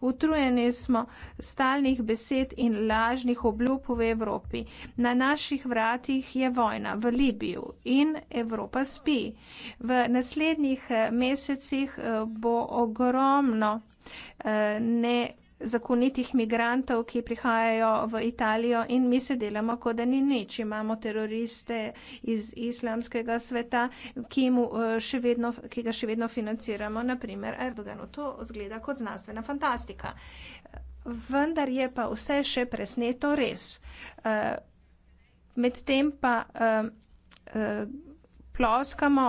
Utrujeni smo stalnih besed in lažnih obljub v Evropi. Na naših vratih je vojna v Libiju in Evropa spi. V naslednjih eh, mesecih eh, bo ogromno ne zakonitih migrantov, ki prihajajo v Italijo in mi se delamo, kot da ni nič. Imamo teroriste iz islamskega sveta, ki, mu, eh, še vedno, ki ga še vedno financiramo, naprimer Erdoganu. To zgleda kot znanstvena fantastika. Vendar je pa vse še presneto res. Eh, medtem pa eh, ploskamo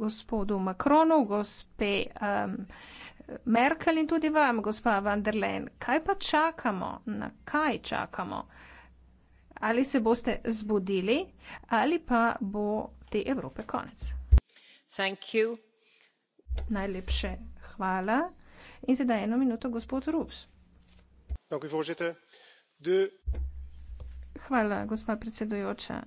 gospodu Makronu, gospe. Merkel in tudi vam, gospa van der Leyen, kaj pa čakamo, na kaj čakamo? Ali se boste zbudili ali pa bo te Evrope konec? Najlepše hvala. In sedaj eno minuto, gospod Rups. Hvala, gospa predsedujoča.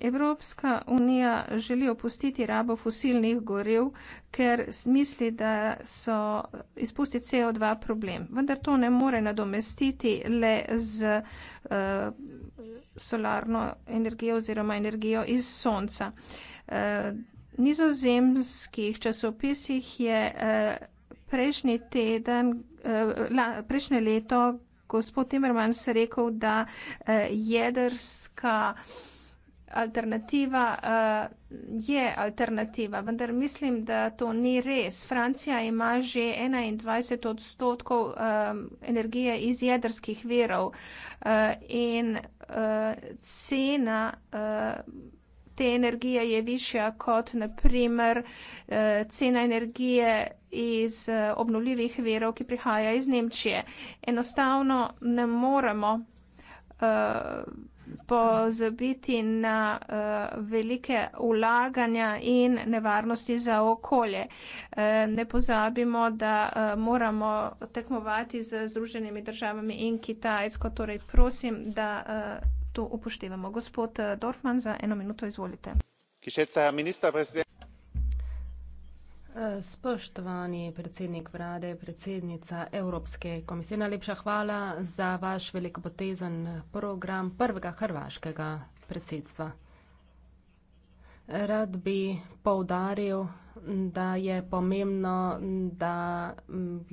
Evropska unija želi opustiti rabo fosilnih gorev, ker misli, da so izpusti CO2 problem. Vendar to ne more nadomestiti le z uh, solarno energijo oziroma energijo iz sonca. Uh, nizozemskih časopisih je uh, prejšnji teden, uh, la, prejšnje leto, gospod Timmermans rekel, da uh, jedrska. Uh, alternativa uh, je alternativa, vendar mislim, da to ni res. Francija ima že 21 odstotkov um, energije iz jedrskih verov uh, eh, in uh, cena uh, te energije je višja kot naprimer uh, cena energije iz uh, obnoljivih verov, ki prihaja iz Nemčije. Enostavno ne moremo. Uh, pozabiti na uh, velike ulaganja in nevarnosti za okolje. Uh, ne pozabimo, da uh, moramo tekmovati z Združenimi državami in Kitajsko. Torej, prosim, da uh, to upoštevamo. Gospod Dorfman, za eno minuto izvolite. Kišeca, minister, Spoštovani predsednik vlade, predsednica Evropske komisije, najlepša hvala za vaš velikopotezen program prvega hrvaškega predsedstva. Rad bi poudaril, da je pomembno, da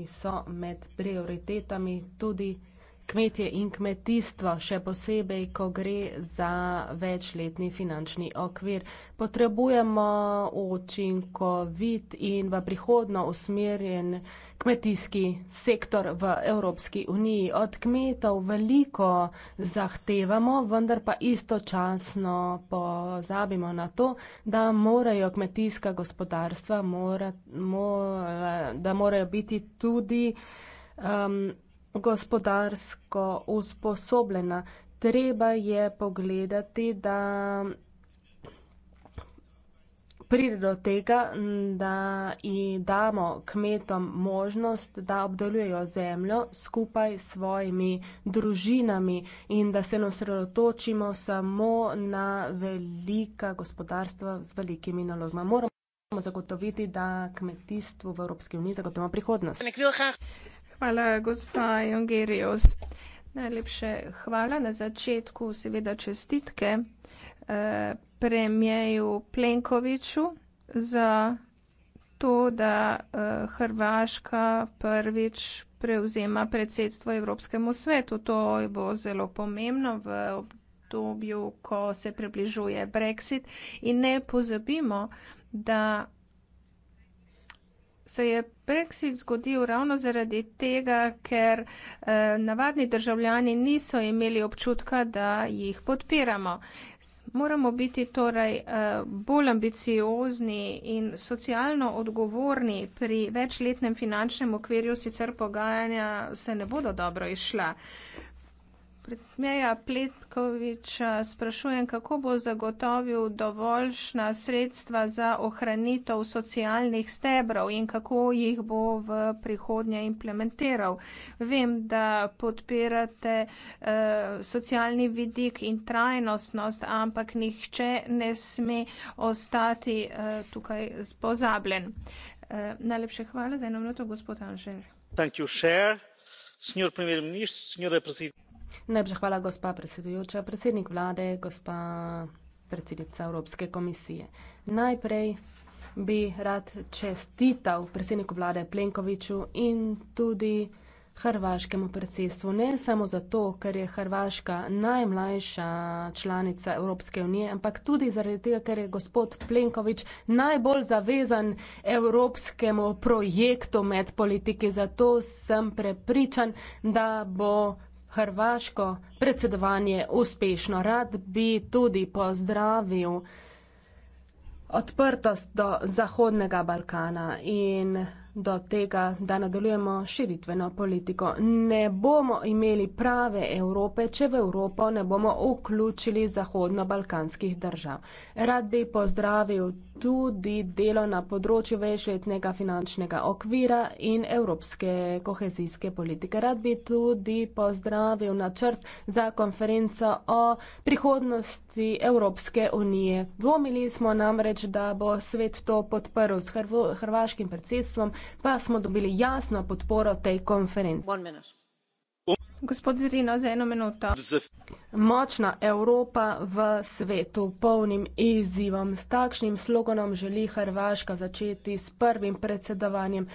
so med prioritetami tudi kmetje in kmetijstvo, še posebej, ko gre za večletni finančni okvir. Potrebujemo učinkovit in v prihodno usmerjen kmetijski sektor v Evropski uniji. Od kmetov veliko zahtevamo, vendar pa istočasno pozabimo na to, da morajo kmetijska gospodarstva, mora, mora, da morajo biti tudi um, gospodarsko usposobljena. Treba je pogledati, da pride do tega, da damo kmetom možnost, da obdelujejo zemljo skupaj s svojimi družinami in da se osredotočimo samo na velika gospodarstva z velikimi nalogami. Moramo zagotoviti, da kmetijstvo v Evropski uniji zagotovimo prihodnost. Hvala, gospa Jongerijos. Najlepše hvala na začetku, seveda čestitke eh, premijeju Plenkoviču za to, da eh, Hrvaška prvič prevzema predsedstvo Evropskemu svetu. To bo zelo pomembno v obdobju, ko se približuje Brexit. In ne pozabimo, da se je Brexit zgodil ravno zaradi tega, ker eh, navadni državljani niso imeli občutka, da jih podpiramo. Moramo biti torej eh, bolj ambiciozni in socialno odgovorni pri večletnem finančnem okvirju, sicer pogajanja se ne bodo dobro izšla. Meja Pletkoviča sprašujem, kako bo zagotovil dovoljšna sredstva za ohranitev socialnih stebrov in kako jih bo v prihodnje implementiral. Vem, da podpirate eh, socialni vidik in trajnostnost, ampak nihče ne sme ostati eh, tukaj pozabljen. Eh, najlepše hvala za eno minuto, gospod Anžel. Thank you, Chair. Signor Premier Ministro, signore Presidente. Najprej hvala, gospa predsedujoča, predsednik vlade, gospa predsednica Evropske komisije. Najprej bi rad čestital predsedniku vlade Plenkoviču in tudi hrvaškemu predsedstvu. Ne samo zato, ker je Hrvaška najmlajša članica Evropske unije, ampak tudi zaradi tega, ker je gospod Plenković najbolj zavezan evropskemu projektu med politiki. Zato sem prepričan, da bo hrvaško predsedovanje uspešno. Rad bi tudi pozdravil odprtost do Zahodnega Balkana in do tega, da nadaljujemo širitveno politiko. Ne bomo imeli prave Evrope, če v Evropo ne bomo vključili zahodno-balkanskih držav. Rad bi pozdravil tudi delo na področju večletnega finančnega okvira in evropske kohezijske politike. Rad bi tudi pozdravil načrt za konferenco o prihodnosti Evropske unije. Dvomili smo namreč, da bo svet to podprl s hrvaškim predsedstvom, pa smo dobili jasno podporo tej konferenci. Gospod Zirino, za eno minuto. Močna Evropa v svetu, polnim izzivom. S takšnim sloganom želi Hrvaška začeti s prvim predsedovanjem.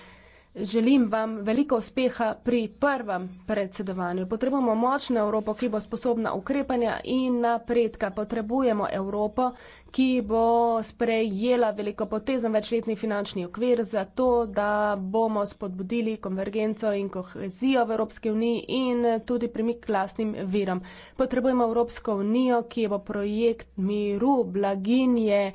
Želim vam veliko uspeha pri prvem predsedovanju. Potrebujemo močno Evropo, ki bo sposobna ukrepanja in napredka. Potrebujemo Evropo, ki bo sprejela veliko potezen večletni finančni okvir za to, da bomo spodbudili konvergenco in kohezijo v Evropski uniji in tudi premik k lasnim virom. Potrebujemo Evropsko unijo, ki bo projekt miru, blaginje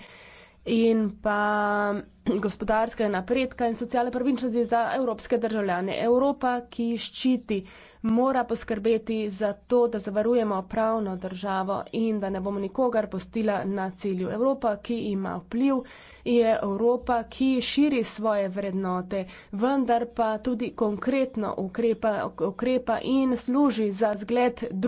in pa gospodarska napredka in socialne pravičnosti za evropske državljane. Evropa, ki ščiti, mora poskrbeti za to, da zavarujemo pravno državo in da ne bomo nikogar postila na cilju. Evropa, ki ima vpliv, je Evropa, ki širi svoje vrednote, vendar pa tudi konkretno ukrepa, ukrepa in služi za zgled drugih.